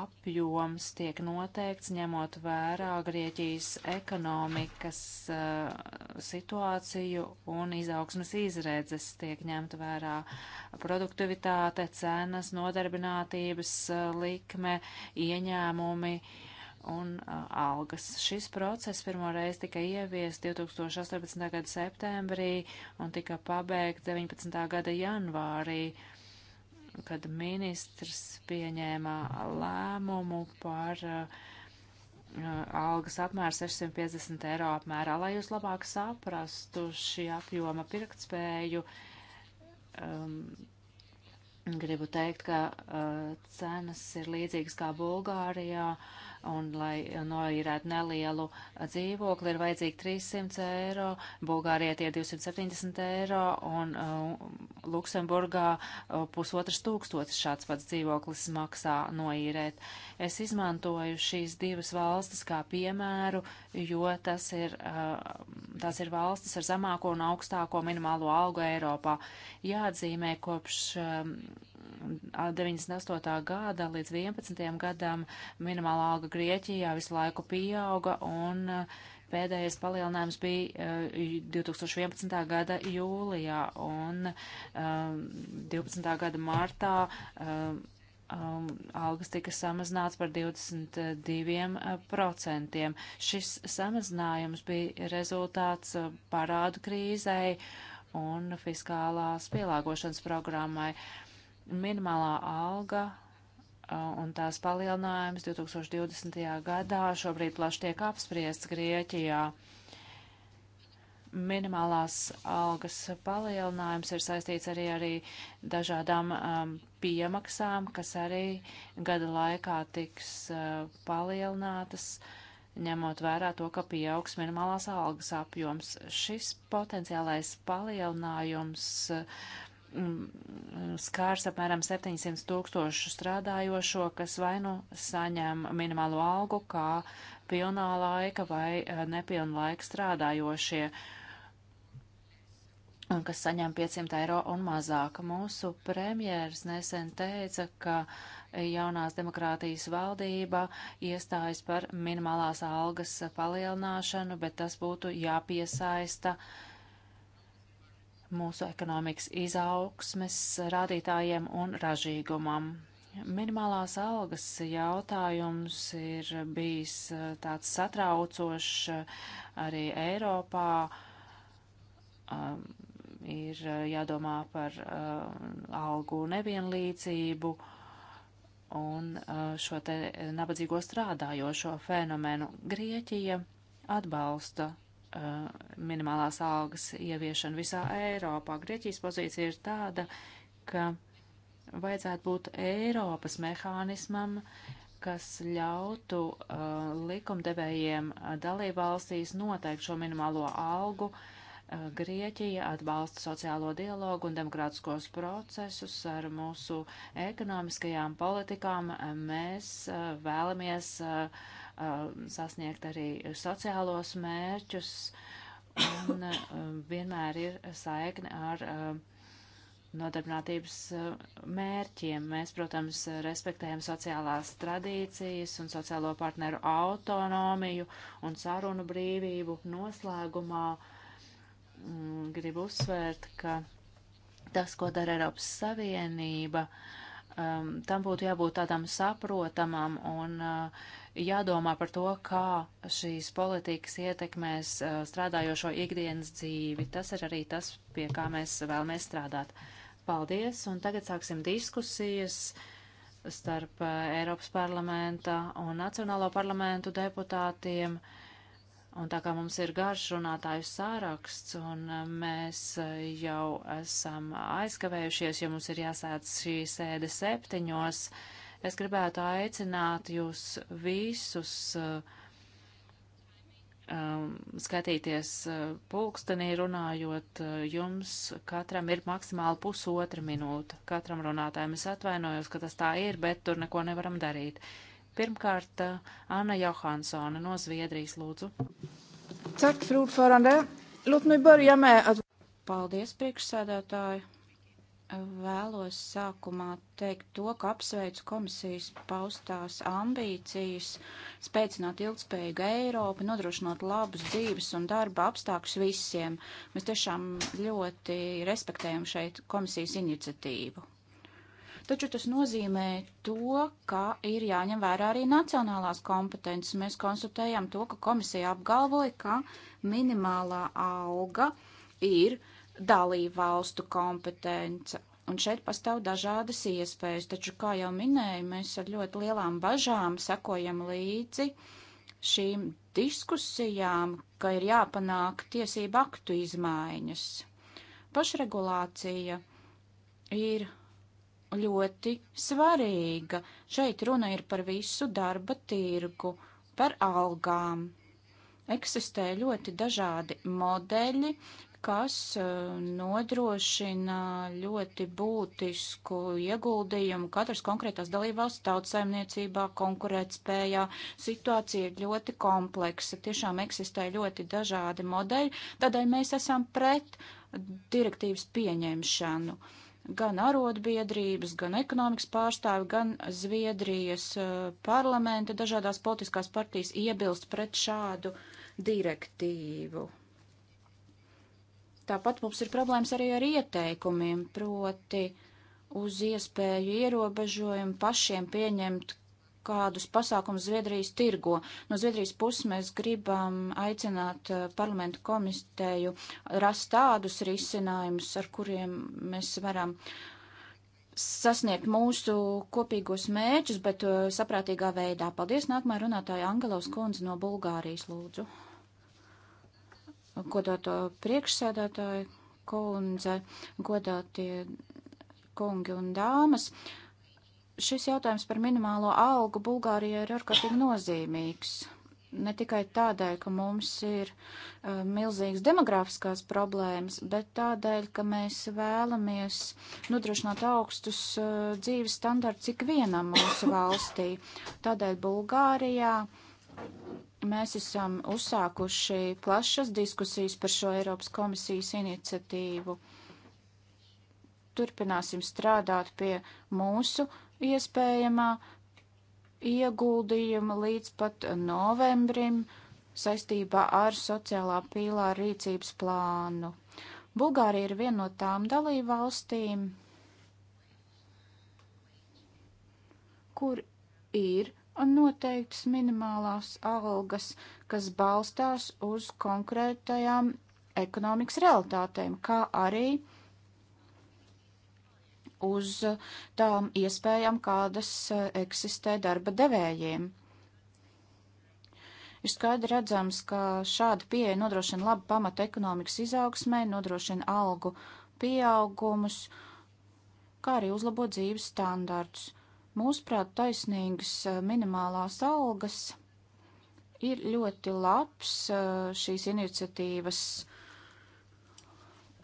apjoms tiek noteikts ņemot vērā Grieķijas ekonomikas eh, situāciju un izaugsmas izredzes tiek ņemta vērā produktivitāte, cenas, nodarbinātības eh, likme, ieņēmumi, uh, un uh, algas. Šis process pirmo reizi tika ievies 2018. gada septembrī un tika pabeigts 19. gada janvārī, kad ministrs pieņēma lēmumu par uh, algas apmēru 650 eiro apmērā. Lai jūs labāk saprastu šī apjoma pirktspēju, um, Gribu teikt, ka uh, cenas ir līdzīgas kā Bulgārijā, un, lai noīrētu nelielu dzīvokli, ir vajadzīgi 300 eiro, Bulgārijā tie 270 eiro, un uh, Luksemburgā uh, pusotras tūkstotis šāds pats dzīvoklis maksā noīrēt. Es izmantoju šīs divas valstis kā piemēru, jo tas ir, uh, tas ir valstis ar zemāko un augstāko minimālo algu Eiropā. Jāatzīmē kopš. Uh, 98. gada līdz 11. gadam minimālā alga Grieķijā visu laiku pieauga un uh, pēdējais palielinājums bija 2011. Uh, gada jūlijā un 12. Uh, gada martā um, algas tika samazināts par 22%. Šis samazinājums bija rezultāts parādu krīzei un fiskālās pielāgošanas programmai. Uh, Minimālā alga un tās palielinājums 2020. gadā šobrīd plaši tiek apspriests Grieķijā. Minimālās algas palielinājums ir saistīts arī, arī dažādām um, piemaksām, kas arī gada laikā tiks uh, palielinātas, ņemot vērā to, ka pieaugs minimālās algas apjoms. Šis potenciālais palielinājums uh, Mm, skārs apmēram 700 tūkstošu strādājošo, kas vai nu saņem minimālo algu kā pilnā laika vai eh, nepilna laika strādājošie, un kas saņem 500 eiro un mazāk. Mūsu premjērs nesen teica, ka jaunās demokrātijas valdība iestājas par minimālās algas palielināšanu, bet tas būtu jāpiesaista uh, mūsu ekonomikas izaugsmes rādītājiem un ražīgumam. Minimālās algas jautājums ir bijis eh, tāds satraucošs eh, arī Eiropā. Um, ir jādomā par uh, algu nevienlīdzību un uh, šo te nabadzīgo strādājošo fenomenu. Grieķija atbalsta Uh, minimālās algas ieviešanu visā Eiropā. Grieķijas pozīcija ir tāda, ka vajadzētu būt Eiropas mehānismam, kas ļautu uh, likumdevējiem uh, dalībvalstīs noteikt šo minimālo algu. Uh, Grieķija atbalsta sociālo dialogu un demokrātiskos procesus ar mūsu ekonomiskajām politikām. Mēs uh, vēlamies uh, Um, sasniegt arī sociālos mērķus, un uh, um, vienmēr ir saikne ar um, nodarbinātības uh, mērķiem. Mēs, protams, respektējam sociālās tradīcijas un sociālo partneru autonomiju un sarunu brīvību noslēgumā. Mm, gribu uzsvērt, ka tas, ko dara Eiropas Savienība, uh, um, tam būtu jābūt tādam saprotamam un uh, jādomā par to, kā šīs politikas ietekmēs uh, strādājošo ikdienas dzīvi. Tas ir arī tas, pie kā mēs vēlamies strādāt. Paldies, un tagad sāksim diskusijas starp uh, Eiropas parlamenta un Nacionālo parlamentu deputātiem. Uh, Un tā kā mums ir garš runātāju sāraksts, un eh, mēs eh, jau esam aizkavējušies, jo mums ir jāsēc šī sēde septiņos, es gribētu aicināt jūs visus eh, um, skatīties pulkstenī runājot. Jums katram ir maksimāli pusotra minūte, katram runātājiem. Es atvainojos, ka tas tā ir, bet tur neko nevaram darīt. Uh, Pirmkārt, Anna Johansona no Zviedrijas lūdzu. Tak, frūdfārande. Lūdzu, nu börja mē. Paldies, priekšsēdētāji. Vēlos sākumā teikt to, ka apsveicu komisijas paustās ambīcijas spēcināt ilgspējīgu Eiropu, nodrošināt labus dzīves un darba apstākļus visiem. Mēs tiešām ļoti respektējam šeit komisijas iniciatīvu. Taču tas nozīmē to, ka ir jāņem vērā arī nacionālās kompetences. Mēs konstatējam to, ka komisija apgalvoja, ka minimālā alga ir dalību valstu kompetence. Un šeit pastāv dažādas iespējas, taču, kā jau minēju, mēs ar ļoti lielām bažām sekojam līdzi šīm diskusijām, ka ir jāpanāk tiesību aktu izmaiņas. Pašregulācija ir ļoti svarīga. Šeit runa ir par visu darba tirgu, par algām. Eksistē ļoti dažādi modeļi, kas eh, nodrošina ļoti būtisku ieguldījumu katras konkrētās dalībvalsts tautsaimniecībā, konkurētspējā. Situācija ir ļoti kompleksa, tiešām eksistē ļoti dažādi modeļi, tādēļ mēs esam pret direktīvas pieņemšanu. Uh, gan arotbiedrības, gan ekonomikas pārstāvi, gan Zviedrijas eh, parlamenta dažādās politiskās partijas iebilst pret šādu direktīvu. Tāpat mums ir problēmas arī ar ieteikumiem, proti uz iespēju ierobežojumu pašiem pieņemt kādus pasākumus Zviedrijas tirgo. No Zviedrijas puses mēs gribam aicināt eh, parlamentu komistēju rast tādus risinājumus, ar kuriem mēs varam sasniegt mūsu kopīgos mērķus, bet eh, saprātīgā veidā. Paldies, nākamā runātāja Angelovs kundze no Bulgārijas lūdzu. Godāto priekšsēdētāju kundze, godātie kungi un dāmas. Uh, šis jautājums par minimālo algu Bulgārijai ir ārkārtīgi nozīmīgs. Ne tikai tādēļ, ka mums ir uh, milzīgas demografiskās problēmas, bet tādēļ, ka mēs vēlamies nodrošināt augstus uh, dzīves standartus ikvienam mūsu valstī. Tādēļ Bulgārijā mēs esam uzsākuši plašas diskusijas par šo Eiropas komisijas iniciatīvu. Turpināsim strādāt pie mūsu uh, iespējamā ieguldījuma līdz pat novembrim saistībā ar sociālā pīlā rīcības plānu. Bulgārija ir viena no tām dalībvalstīm, kur ir noteikts minimālās algas, kas balstās uz konkrētajām ekonomikas realitātēm, kā arī uh, uz tām iespējām, kādas eh, eksistē darba devējiem. Ir skaidri redzams, ka šāda pieeja nodrošina labu pamatu ekonomikas izaugsmē, nodrošina algu pieaugumus, kā arī uzlabo dzīves standārts. Mūsuprāt, taisnīgas eh, minimālās algas ir ļoti labs eh, šīs iniciatīvas uh,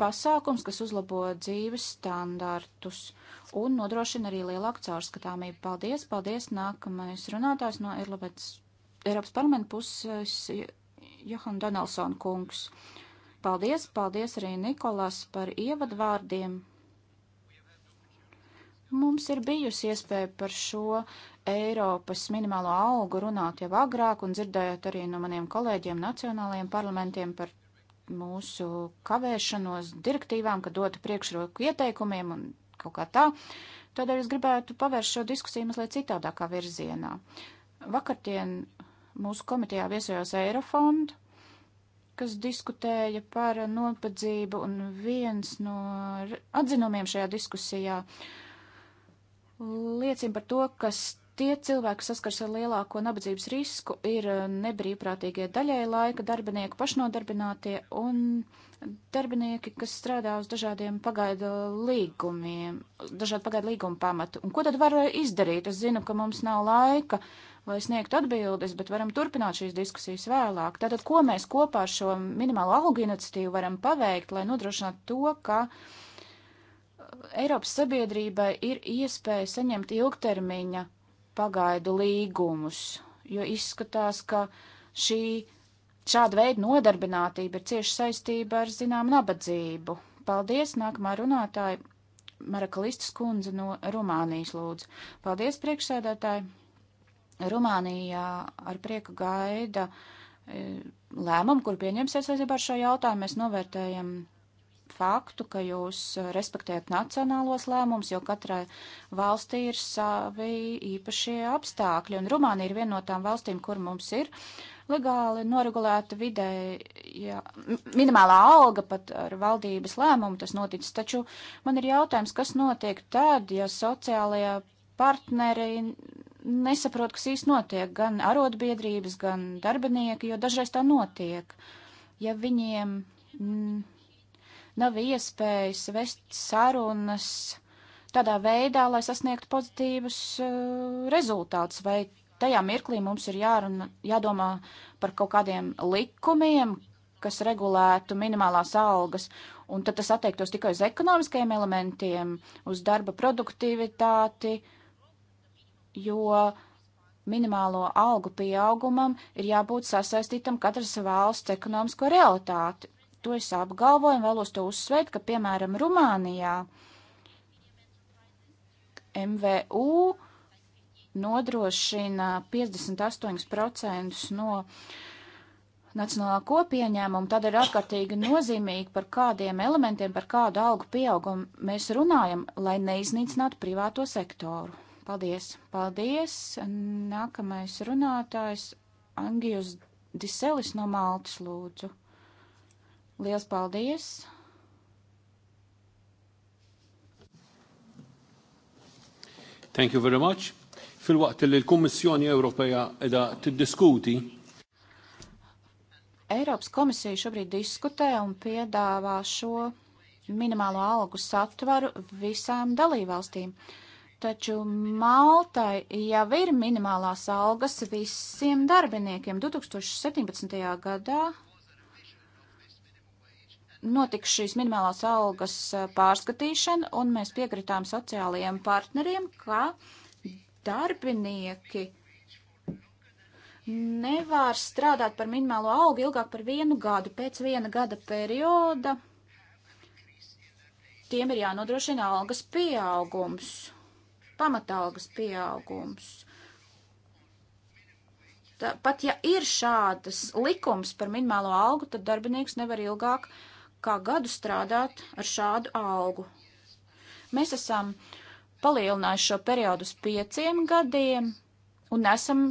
pasākums, kas uzlabo dzīves standartus un nodrošina arī lielāku caurskatāmību. Paldies, paldies, nākamais runātājs no Irlabetas, Eiropas parlamenta puses, Johan Donelson kungs. Paldies, paldies arī Nikolas par ievadvārdiem. Mums ir bijusi iespēja par šo Eiropas minimālo algu runāt jau agrāk un dzirdējot arī no maniem kolēģiem nacionālajiem parlamentiem par mūsu kavēšanos direktīvām, ka dotu priekšroku ieteikumiem un kaut kā tā. Tādēļ es gribētu pavērst šo diskusiju mazliet citādākā virzienā. Vakardien mūsu komitejā viesojās Eirofond, kas diskutēja par nopadzību, un viens no atzinumiem šajā diskusijā liecina par to, kas Tie cilvēki saskars ar lielāko nabadzības risku ir eh, nebrīvprātīgie daļai laika darbinieki, pašnodarbinātie un darbinieki, kas strādā uz dažādiem pagaidu līgumiem, dažādu pagaidu līgumu pamatu. Un ko tad var eh, izdarīt? Es zinu, ka mums nav laika, lai sniegtu atbildes, bet varam turpināt šīs diskusijas vēlāk. Tātad, ko mēs kopā ar šo minimālo algu iniciatīvu varam paveikt, lai nodrošinātu to, ka eh, Eiropas sabiedrībai ir iespēja saņemt ilgtermiņa pagaidu līgumus, jo izskatās, ka šī šāda veida nodarbinātība ir cieši saistība ar zinām nabadzību. Paldies, nākamā runātāja Marakalistas kundze no Rumānijas lūdzu. Paldies, priekšsēdētāji! Rumānijā ar prieku gaida eh, lēmumu, kur pieņemsies aizībā ar šo jautājumu. Mēs novērtējam faktu, ka jūs respektējat nacionālos lēmumus, jo katrai valstī ir savi īpašie apstākļi. Un Rumānija ir viena no tām valstīm, kur mums ir legāli noregulēta vidē, jā, minimālā alga pat ar valdības lēmumu tas noticis. Taču man ir jautājums, kas notiek tad, ja sociālajā partneri nesaprot, kas īsti notiek, gan arotbiedrības, gan darbinieki, jo dažreiz tā notiek. Ja viņiem nav iespējas vest sarunas tādā veidā, lai sasniegtu pozitīvus uh, rezultātus, vai tajā mirklī mums ir jāruna, jādomā par kaut kādiem likumiem, kas regulētu minimālās algas, un tad tas attiektos tikai uz ekonomiskajiem elementiem, uz darba produktivitāti, jo minimālo algu pieaugumam ir jābūt sasaistītam katras valsts ekonomisko realitāti, to es apgalvoju un vēlos to uzsvērt, ka, piemēram, Rumānijā MVU nodrošina 58% no nacionālā kopieņēmuma, tad ir ārkārtīgi nozīmīgi, par kādiem elementiem, par kādu algu pieaugumu mēs runājam, lai neiznīcinātu privāto sektoru. Paldies! Paldies! Nākamais runātājs Angijus Diselis no Maltas lūdzu. Liels paldies! Thank you very much. Fil-waqt li l-Kummissjoni Ewropea edha tiddiskuti. Eiropas komisija šobrīd diskutē un piedāvā šo minimālo algu satvaru visām dalībvalstīm. Taču Maltai jau ir minimālās algas visiem darbiniekiem. 2017. gadā notiks šīs minimālās algas eh, pārskatīšana, un mēs piekritām sociālajiem partneriem, ka darbinieki nevar strādāt par minimālo algu ilgāk par vienu gadu. Pēc viena gada perioda tiem ir jānodrošina algas pieaugums, pamatalgas pieaugums. Tā, pat ja ir šādas likums par minimālo algu, tad darbinieks nevar ilgāk uh, kā gadu strādāt ar šādu algu. Mēs esam palielinājuši šo periodu uz pieciem gadiem un esam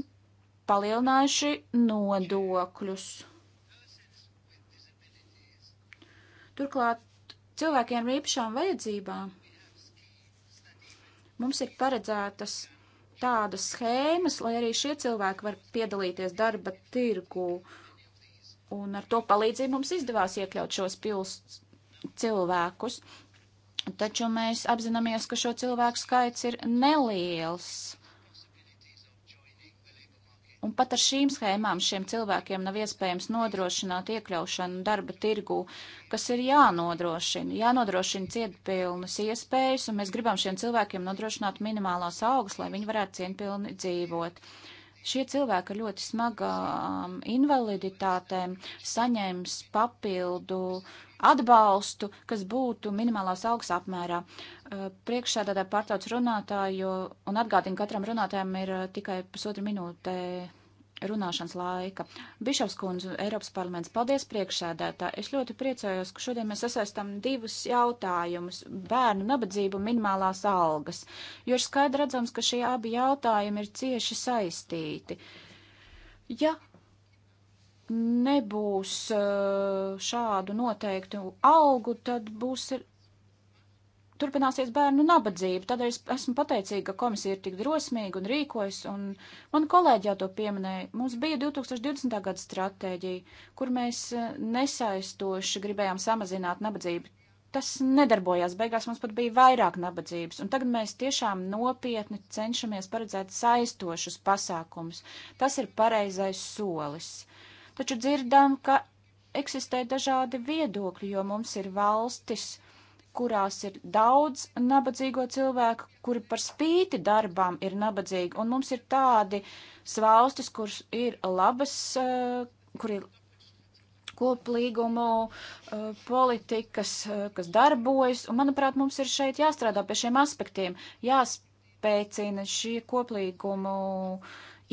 palielinājuši nodokļus. Turklāt cilvēkiem ar īpašām vajadzībām mums ir paredzētas tādas schēmas, lai arī šie cilvēki var piedalīties darba tirgū Un ar to palīdzību mums izdevās iekļaut šos pils cilvēkus. Taču mēs apzināmies, ka šo cilvēku skaits ir neliels. Un pat ar šīm schēmām šiem cilvēkiem nav iespējams nodrošināt iekļaušanu darba tirgū, kas ir jānodrošina. Jānodrošina cietpilnas iespējas, un mēs gribam šiem cilvēkiem nodrošināt minimālās augas, lai viņi varētu cienpilni dzīvot. Uh, Šie cilvēki ar ļoti smagām invaliditātēm saņems papildu atbalstu, kas būtu minimālās algas apmērā. Uh, priekšsēdētāji pārtauc runātāju un atgādina, katram runātājam ir uh, tikai pusotra minūte runāšanas laika. Bišovs kundze, Eiropas parlaments, paldies priekšsēdētā. Es ļoti priecājos, ka šodien mēs sasaistam divus jautājumus - bērnu nabadzību un minimālās algas, jo ir skaidri redzams, ka šie abi jautājumi ir cieši saistīti. Ja nebūs uh, šādu noteiktu algu, tad būs turpināsies bērnu nabadzība. Tādēļ es esmu pateicīga, ka komisija ir tik drosmīga un rīkojas, un man kolēģi jau to pieminēja. Mums bija 2020. gada stratēģija, kur mēs eh, nesaistoši gribējām samazināt nabadzību. Tas nedarbojās, beigās mums pat bija vairāk nabadzības, un tagad mēs tiešām nopietni cenšamies paredzēt saistošus pasākumus. Tas ir pareizais solis. Taču dzirdam, ka eksistē dažādi viedokļi, jo mums ir valstis, uh, kurās ir daudz nabadzīgo cilvēku, kuri par spīti darbām ir nabadzīgi, un mums ir tādi valstis, kuras ir labas, eh, kur ir koplīgumu eh, politikas, eh, kas darbojas, un manuprāt, mums ir šeit jāstrādā pie šiem aspektiem, jāspēcina šie koplīgumu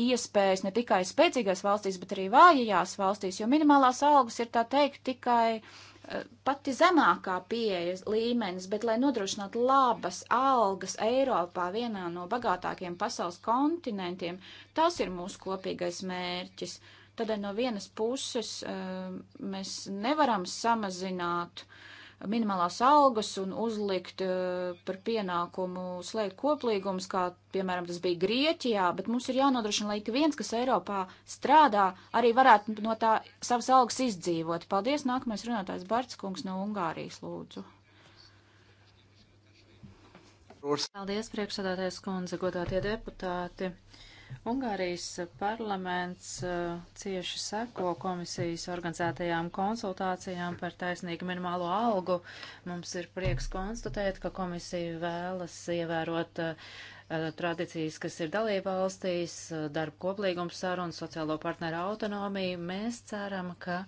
iespējas ne tikai spēcīgās valstīs, bet arī vājajās valstīs, jo minimālās algas ir tā teikt tikai uh, pati zemākā pieejas līmenis, bet lai nodrošinātu labas algas Eiropā vienā no bagātākiem pasaules kontinentiem, tas ir mūsu kopīgais mērķis. Tādēļ no vienas puses eh, mēs nevaram samazināt uh, minimālās algas un uzlikt eh, par pienākumu slēgt koplīgumus, kā piemēram tas bija Grieķijā, bet mums ir jānodrošina, lai ik viens, kas Eiropā strādā, arī varētu no tā savas algas izdzīvot. Paldies, nākamais runātājs Barts Kungs no Ungārijas lūdzu. Paldies, priekšsādātais kundze, godātie deputāti. Uh, Ungārijas parlaments uh, cieši seko komisijas organizētajām konsultācijām par taisnīgu minimālo algu. Mums ir prieks konstatēt, ka komisija vēlas ievērot uh, uh tradīcijas, kas ir dalība valstīs, uh, darba koplīgums saruna, sociālo partneru autonomiju. Mēs ceram, ka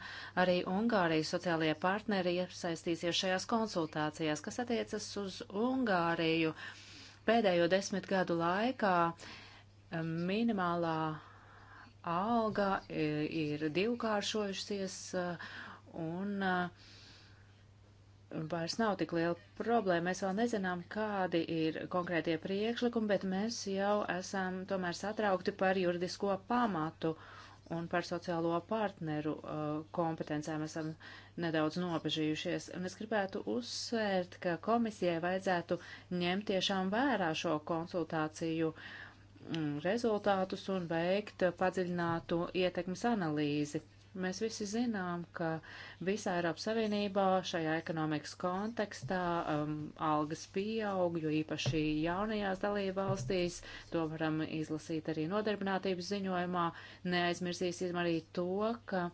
arī Ungārijas sociālajie partneri iesaistīsies šajās konsultācijās, kas attiecas uz Ungāriju. Pēdējo desmit gadu laikā uh, minimālā alga e, ir divkāršojusies e, un e, vairs nav tik liela problēma. Mēs vēl nezinām, kādi ir konkrētie priekšlikumi, bet mēs jau esam tomēr satraukti par juridisko pamatu un par sociālo partneru kompetencēm esam nedaudz nobežījušies. Un es gribētu uzsvērt, ka komisijai vajadzētu ņemt tiešām vērā šo konsultāciju uh, Mm, rezultātus un veikt padziļinātu ietekmes analīzi Mēs visi zinām, ka visā Eiropas Savienībā šajā ekonomikas kontekstā um, algas pieaug, jo īpaši jaunajās dalībvalstīs, to varam izlasīt arī nodarbinātības ziņojumā, neaizmirsīsim arī to, ka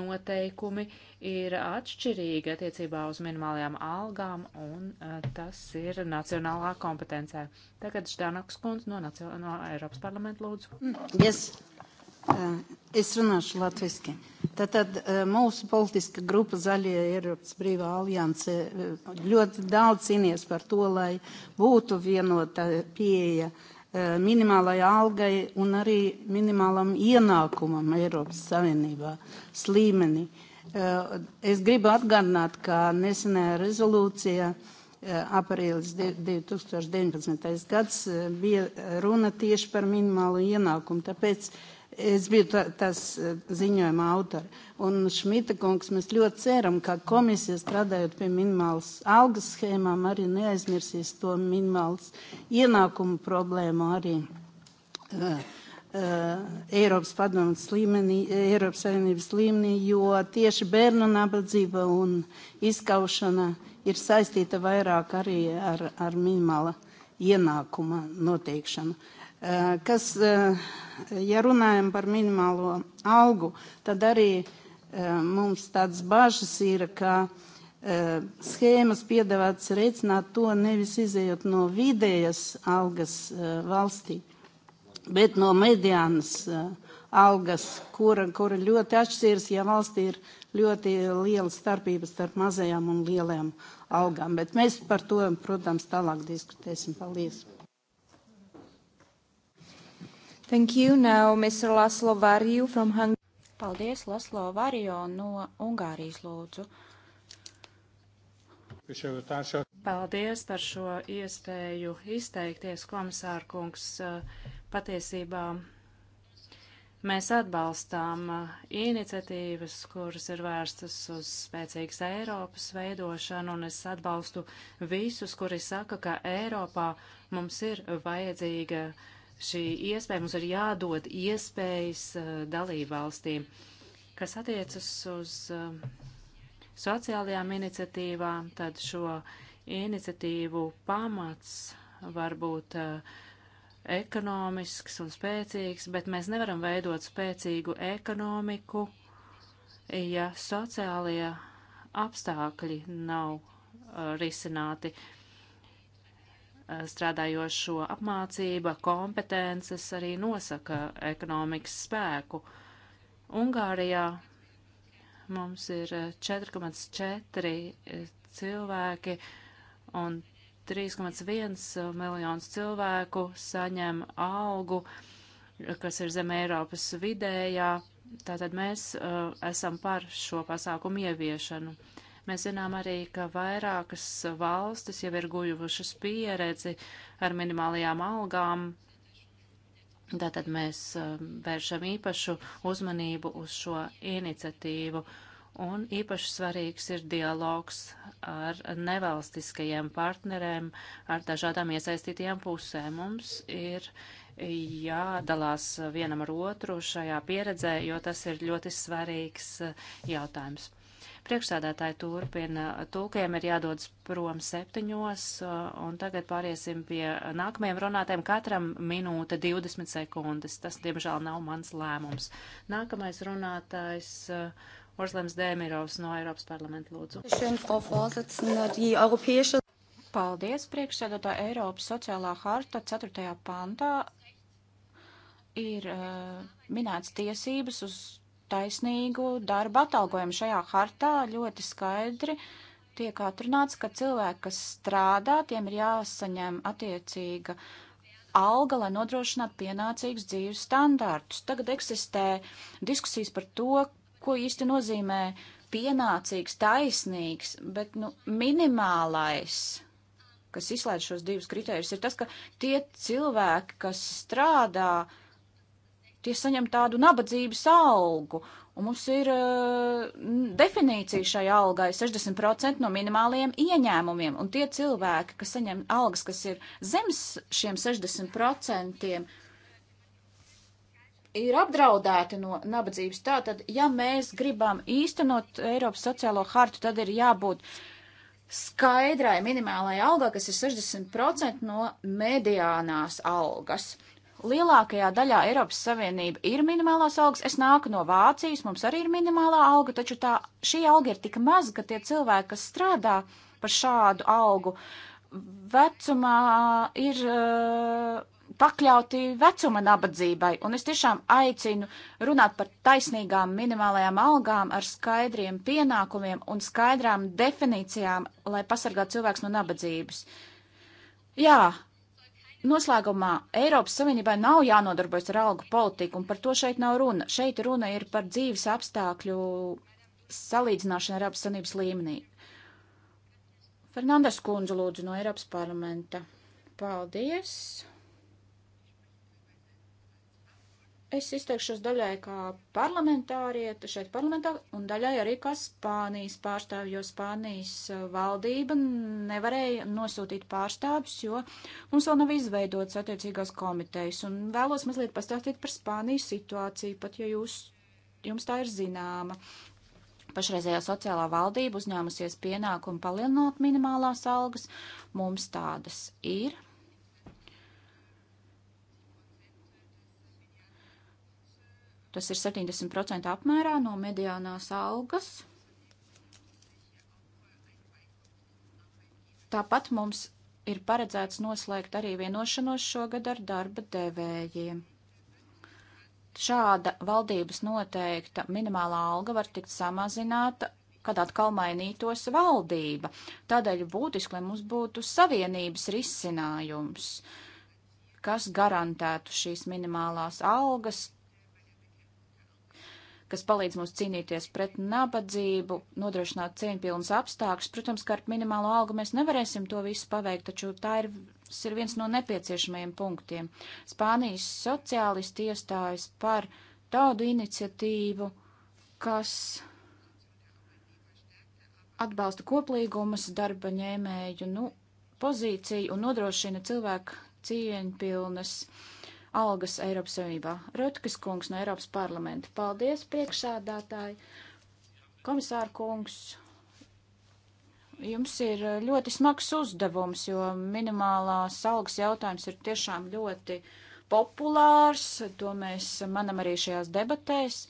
noteikumi ir atšķirīgi attiecībā uz minimālajām algām, un uh, tas ir nacionālā kompetencē. Tagad Ždanoks kundze no, no Eiropas parlamenta lūdzu. Mm, yes. Es runāšu latviski. Tātad mūsu politiska grupa Zaļie Eiropas brīvā alianse э, ļoti daudz cīnies par to, lai būtu vienota pieeja э, minimālai algai un arī minimālam ienākumam Eiropas Savienībā slīmenī. Э, es gribu atgādināt, ka nesenajā rezolūcijā aprīlis 2019. gads eh, bija runa tieši par minimālu ienākumu. Tāpēc uh, Es biju tā, tas eh, ziņojuma autori. Un Šmita kungs, mēs ļoti ceram, ka komisija strādājot pie minimālas algas schēmām arī neaizmirsīs to minimālas ienākumu problēmu arī uh, uh, Eiropas padomas līmenī, Eiropas Savienības līmenī, jo tieši bērnu nabadzība un izskaušana ir saistīta vairāk arī ar, ar minimāla ienākuma noteikšanu. Uh, Э, kas, э, ja runājam par minimālo algu, tad arī э, mums tāds bažas ir, ka schēmas piedāvāts reicināt to nevis izējot no vidējas algas e, valstī, bet no mediānas e, algas, kura, kura ļoti atšķiras, ja valstī ir ļoti liela starpība starp mazajām un lielajām algām. Bet mēs par to, protams, tālāk diskutēsim. Paldies! Thank you. Now Mr. Laslo Varju from Hungary. Paldies, Laslo Varjo no Ungārijas lūdzu. Paldies par šo iespēju izteikties, komisāra kungs. Patiesībā mēs atbalstām iniciatīvas, kuras ir vērstas uz spēcīgas Eiropas veidošanu, un es atbalstu visus, kuri saka, ka Eiropā mums ir vajadzīga uh, šī iespēja, mums ir jādod iespējas uh, dalībvalstīm, kas attiecas uz uh, sociālajām iniciatīvām, tad šo iniciatīvu pamats var būt uh, ekonomisks un spēcīgs, bet mēs nevaram veidot spēcīgu ekonomiku, ja sociālie apstākļi nav uh, risināti. Uh, strādājošo apmācība, kompetences arī nosaka ekonomikas spēku. Ungārijā mums ir 4,4 cilvēki un 3,1 miljonus cilvēku saņem algu, kas ir zem Eiropas vidējā. Tātad mēs uh, esam par šo pasākumu ieviešanu. Uh, Mēs zinām arī, ka vairākas valstis jau ir guļuvušas pieredzi ar minimālajām algām. Tātad mēs um, vēršam īpašu uzmanību uz šo iniciatīvu. Un īpaši svarīgs ir dialogs ar nevalstiskajiem partneriem, ar dažādām iesaistītajām pusēm. Mums ir jādalās vienam ar otru šajā pieredzē, jo tas ir ļoti svarīgs uh, jautājums. Priekšsādātāji turpina, tulkiem ir jādodas prom septiņos, un tagad pāriesim pie nākamajiem runātēm. Katram minūte 20 sekundes. Tas, diemžēl, nav mans lēmums. Nākamais runātājs. Eh, Orslēms Dēmirovs no Eiropas parlamenta lūdzu. Paldies, priekšsēdotā Eiropas sociālā harta 4. pantā ir uh, minēts tiesības uz taisnīgu darba atalgojumu. Šajā hartā ļoti skaidri tiek atrunāts, ka cilvēki, kas strādā, tiem ir jāsaņem attiecīga alga, lai nodrošinātu pienācīgus dzīves standārtus. Tagad eksistē diskusijas par to, ko īsti nozīmē pienācīgs, taisnīgs, bet nu, minimālais, kas izslēdz šos divus kritērijus, ir tas, ka tie cilvēki, kas strādā, uh, tie saņem tādu nabadzības algu. Un mums ir uh, definīcija šai algai 60 - 60% no minimālajiem ieņēmumiem. Un tie cilvēki, kas saņem algas, kas ir zems šiem 60%, ir apdraudēti no nabadzības. Tātad, ja mēs gribam īstenot Eiropas sociālo hartu, tad ir jābūt skaidrai minimālajai algai, kas ir 60% no mediānās algas lielākajā daļā Eiropas Savienība ir minimālās algas. Es nāku no Vācijas, mums arī ir minimālā alga, taču tā, šī alga ir tik maza, ka tie cilvēki, kas strādā par šādu algu, vecumā ir uh, pakļauti vecuma nabadzībai. Un es tiešām aicinu runāt par taisnīgām minimālajām algām ar skaidriem pienākumiem un skaidrām definīcijām, lai pasargātu cilvēks no nabadzības. Jā, Noslēgumā Eiropas Savienībai nav jānodarbojas ar algu politiku, un par to šeit nav runa. Šeit runa ir par dzīves apstākļu salīdzināšanu ar Eiropas Savienības līmenī. Fernandes kundze lūdzu no Eiropas parlamenta. Paldies! Es izteikšos daļai kā parlamentārieta šeit parlamentā un daļai arī kā Spānijas pārstāvju, jo Spānijas eh, valdība nevarēja nosūtīt pārstāvjus, jo mums vēl nav izveidots attiecīgās komitejas. Un vēlos mazliet pastāstīt par Spānijas situāciju, pat ja jūs, jums tā ir zināma. Pašreizējā sociālā valdība uzņēmusies pienākumu palielināt minimālās algas. Mums tādas ir Tas ir 70% apmērā no mediānās algas. Tāpat mums ir paredzēts noslēgt arī vienošanos šogad ar darba devējiem. Šāda valdības noteikta minimālā alga var tikt samazināta, kad atkal mainītos valdība. Tādēļ būtiski, lai mums būtu savienības risinājums, kas garantētu šīs minimālās algas kas palīdz mums cīnīties pret nabadzību, nodrošināt cieņpilnas apstākļus. Protams, ka ar minimālo algu mēs nevarēsim to visu paveikt, taču tā ir, tas ir viens no nepieciešamajiem punktiem. Spānijas sociālisti iestājas par tādu iniciatīvu, kas atbalsta koplīgumas darba ņēmēju nu, pozīciju un nodrošina cilvēku cieņpilnas uh, algas Eiropas Savienībā. Rutkas kungs no Eiropas parlamenta. Paldies, priekšsādātāji. Komisāra kungs, jums ir eh, ļoti smags uzdevums, jo minimālās algas jautājums ir tiešām ļoti populārs. To mēs manam arī šajās debatēs.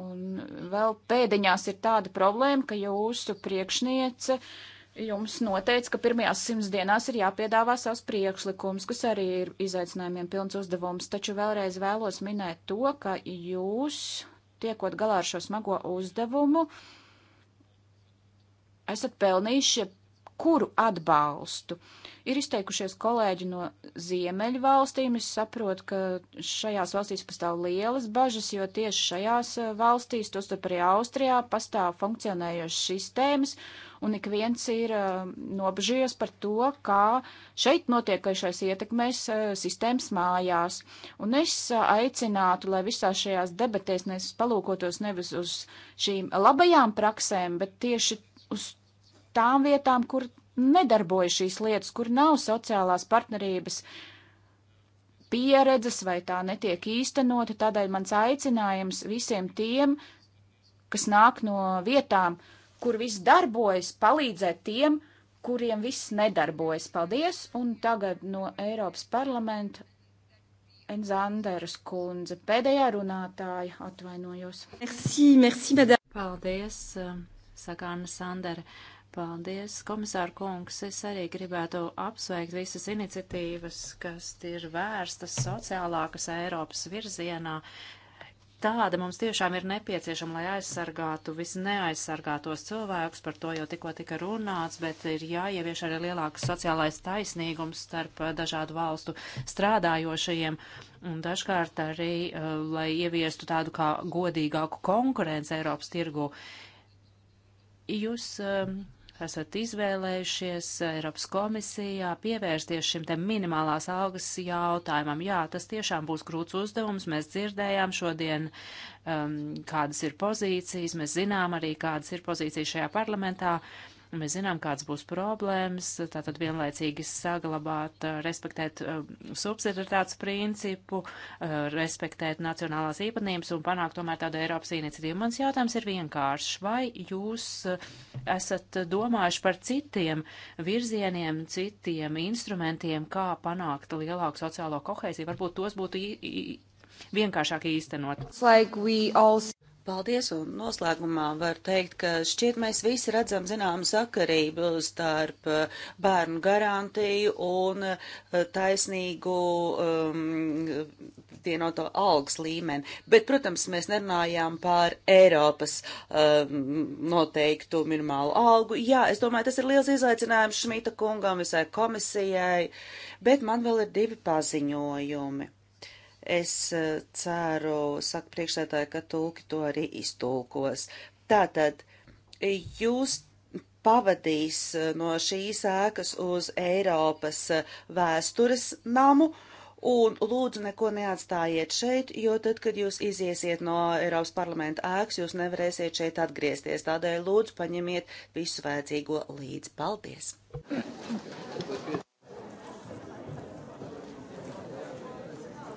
Un vēl pēdiņās ir tāda problēma, ka jūsu priekšniece uh, jums noteica, ka pirmajās simts dienās ir jāpiedāvā savs priekšlikums, kas arī ir izaicinājumiem pilns uzdevums. Taču vēlreiz vēlos minēt to, ka jūs, tiekot galā ar šo smago uzdevumu, esat pelnījuši kuru atbalstu. Ir izteikušies kolēģi no ziemeļu valstīm. Es saprotu, ka šajās valstīs pastāv lielas bažas, jo tieši šajās eh, valstīs, tostarp arī Austrijā, pastāv funkcionējošas sistēmas, un ik viens ir eh, nobežies par to, kā šeit notiekaišais ietekmēs eh, sistēmas mājās. Un es aicinātu, lai visās šajās debatēs mēs palūkotos nevis uz šīm labajām praksēm, bet tieši uz tām vietām, kur nedarbojas šīs lietas, kur nav sociālās partnerības pieredzes vai tā netiek īstenota. Tādēļ mans aicinājums visiem tiem, kas nāk no vietām, kur viss darbojas, palīdzēt tiem, kuriem viss nedarbojas. Paldies! Un tagad no Eiropas parlamenta Enzanderas kundze, pēdējā runātāja, atvainojos. Merci, merci, madame. Paldies, um, saka Anna Sandera. Paldies, komisāra kungs. Es arī gribētu apsveikt visas iniciatīvas, kas ir vērstas sociālākas Eiropas virzienā. Tāda mums tiešām ir nepieciešama, lai aizsargātu visneaizsargātos cilvēkus, par to jau tikko tika runāts, bet ir jāievieš arī lielāks sociālais taisnīgums starp dažādu valstu strādājošajiem. Un dažkārt arī, uh, lai ieviestu tādu kā godīgāku konkurenci Eiropas tirgu. Jūs um, esat izvēlējušies Eiropas komisijā pievērsties šim te minimālās algas jautājumam. Jā, tas tiešām būs grūts uzdevums. Mēs dzirdējām šodien, um, kādas ir pozīcijas, mēs zinām arī, kādas ir pozīcijas šajā parlamentā. Uh, Un mēs zinām, kāds būs problēmas, tātad vienlaicīgi saglabāt, eh, respektēt eh, subsidiaritātes principu, eh, respektēt nacionālās īpatnības un panākt tomēr tādu Eiropas iniciatīvu. Mans jautājums ir vienkāršs. Vai jūs esat domājuši par citiem virzieniem, citiem instrumentiem, kā panākt lielāku sociālo koheiziju? Varbūt tos būtu vienkāršāk īstenot. Like all... Paldies, un noslēgumā var teikt, ka šķiet mēs visi redzam zinām sakarību starp uh, bērnu garantiju un uh, taisnīgu um, vienoto algas līmeni. Bet, protams, mēs nerunājām par Eiropas um, noteiktu minimālu algu. Jā, es domāju, tas ir liels izaicinājums Šmita kungam, visai komisijai, bet man vēl ir divi paziņojumi. Es eh, ceru, saka priekšsētāji, ka tulki to arī iztulkos. Tātad, jūs pavadīs eh, no šīs ēkas uz Eiropas eh, vēstures namu. Un lūdzu, neko neatstājiet šeit, jo tad, kad jūs iziesiet no Eiropas parlamenta ēkas, jūs nevarēsiet šeit atgriezties. Tādēļ lūdzu, paņemiet visu vajadzīgo līdzi. Paldies!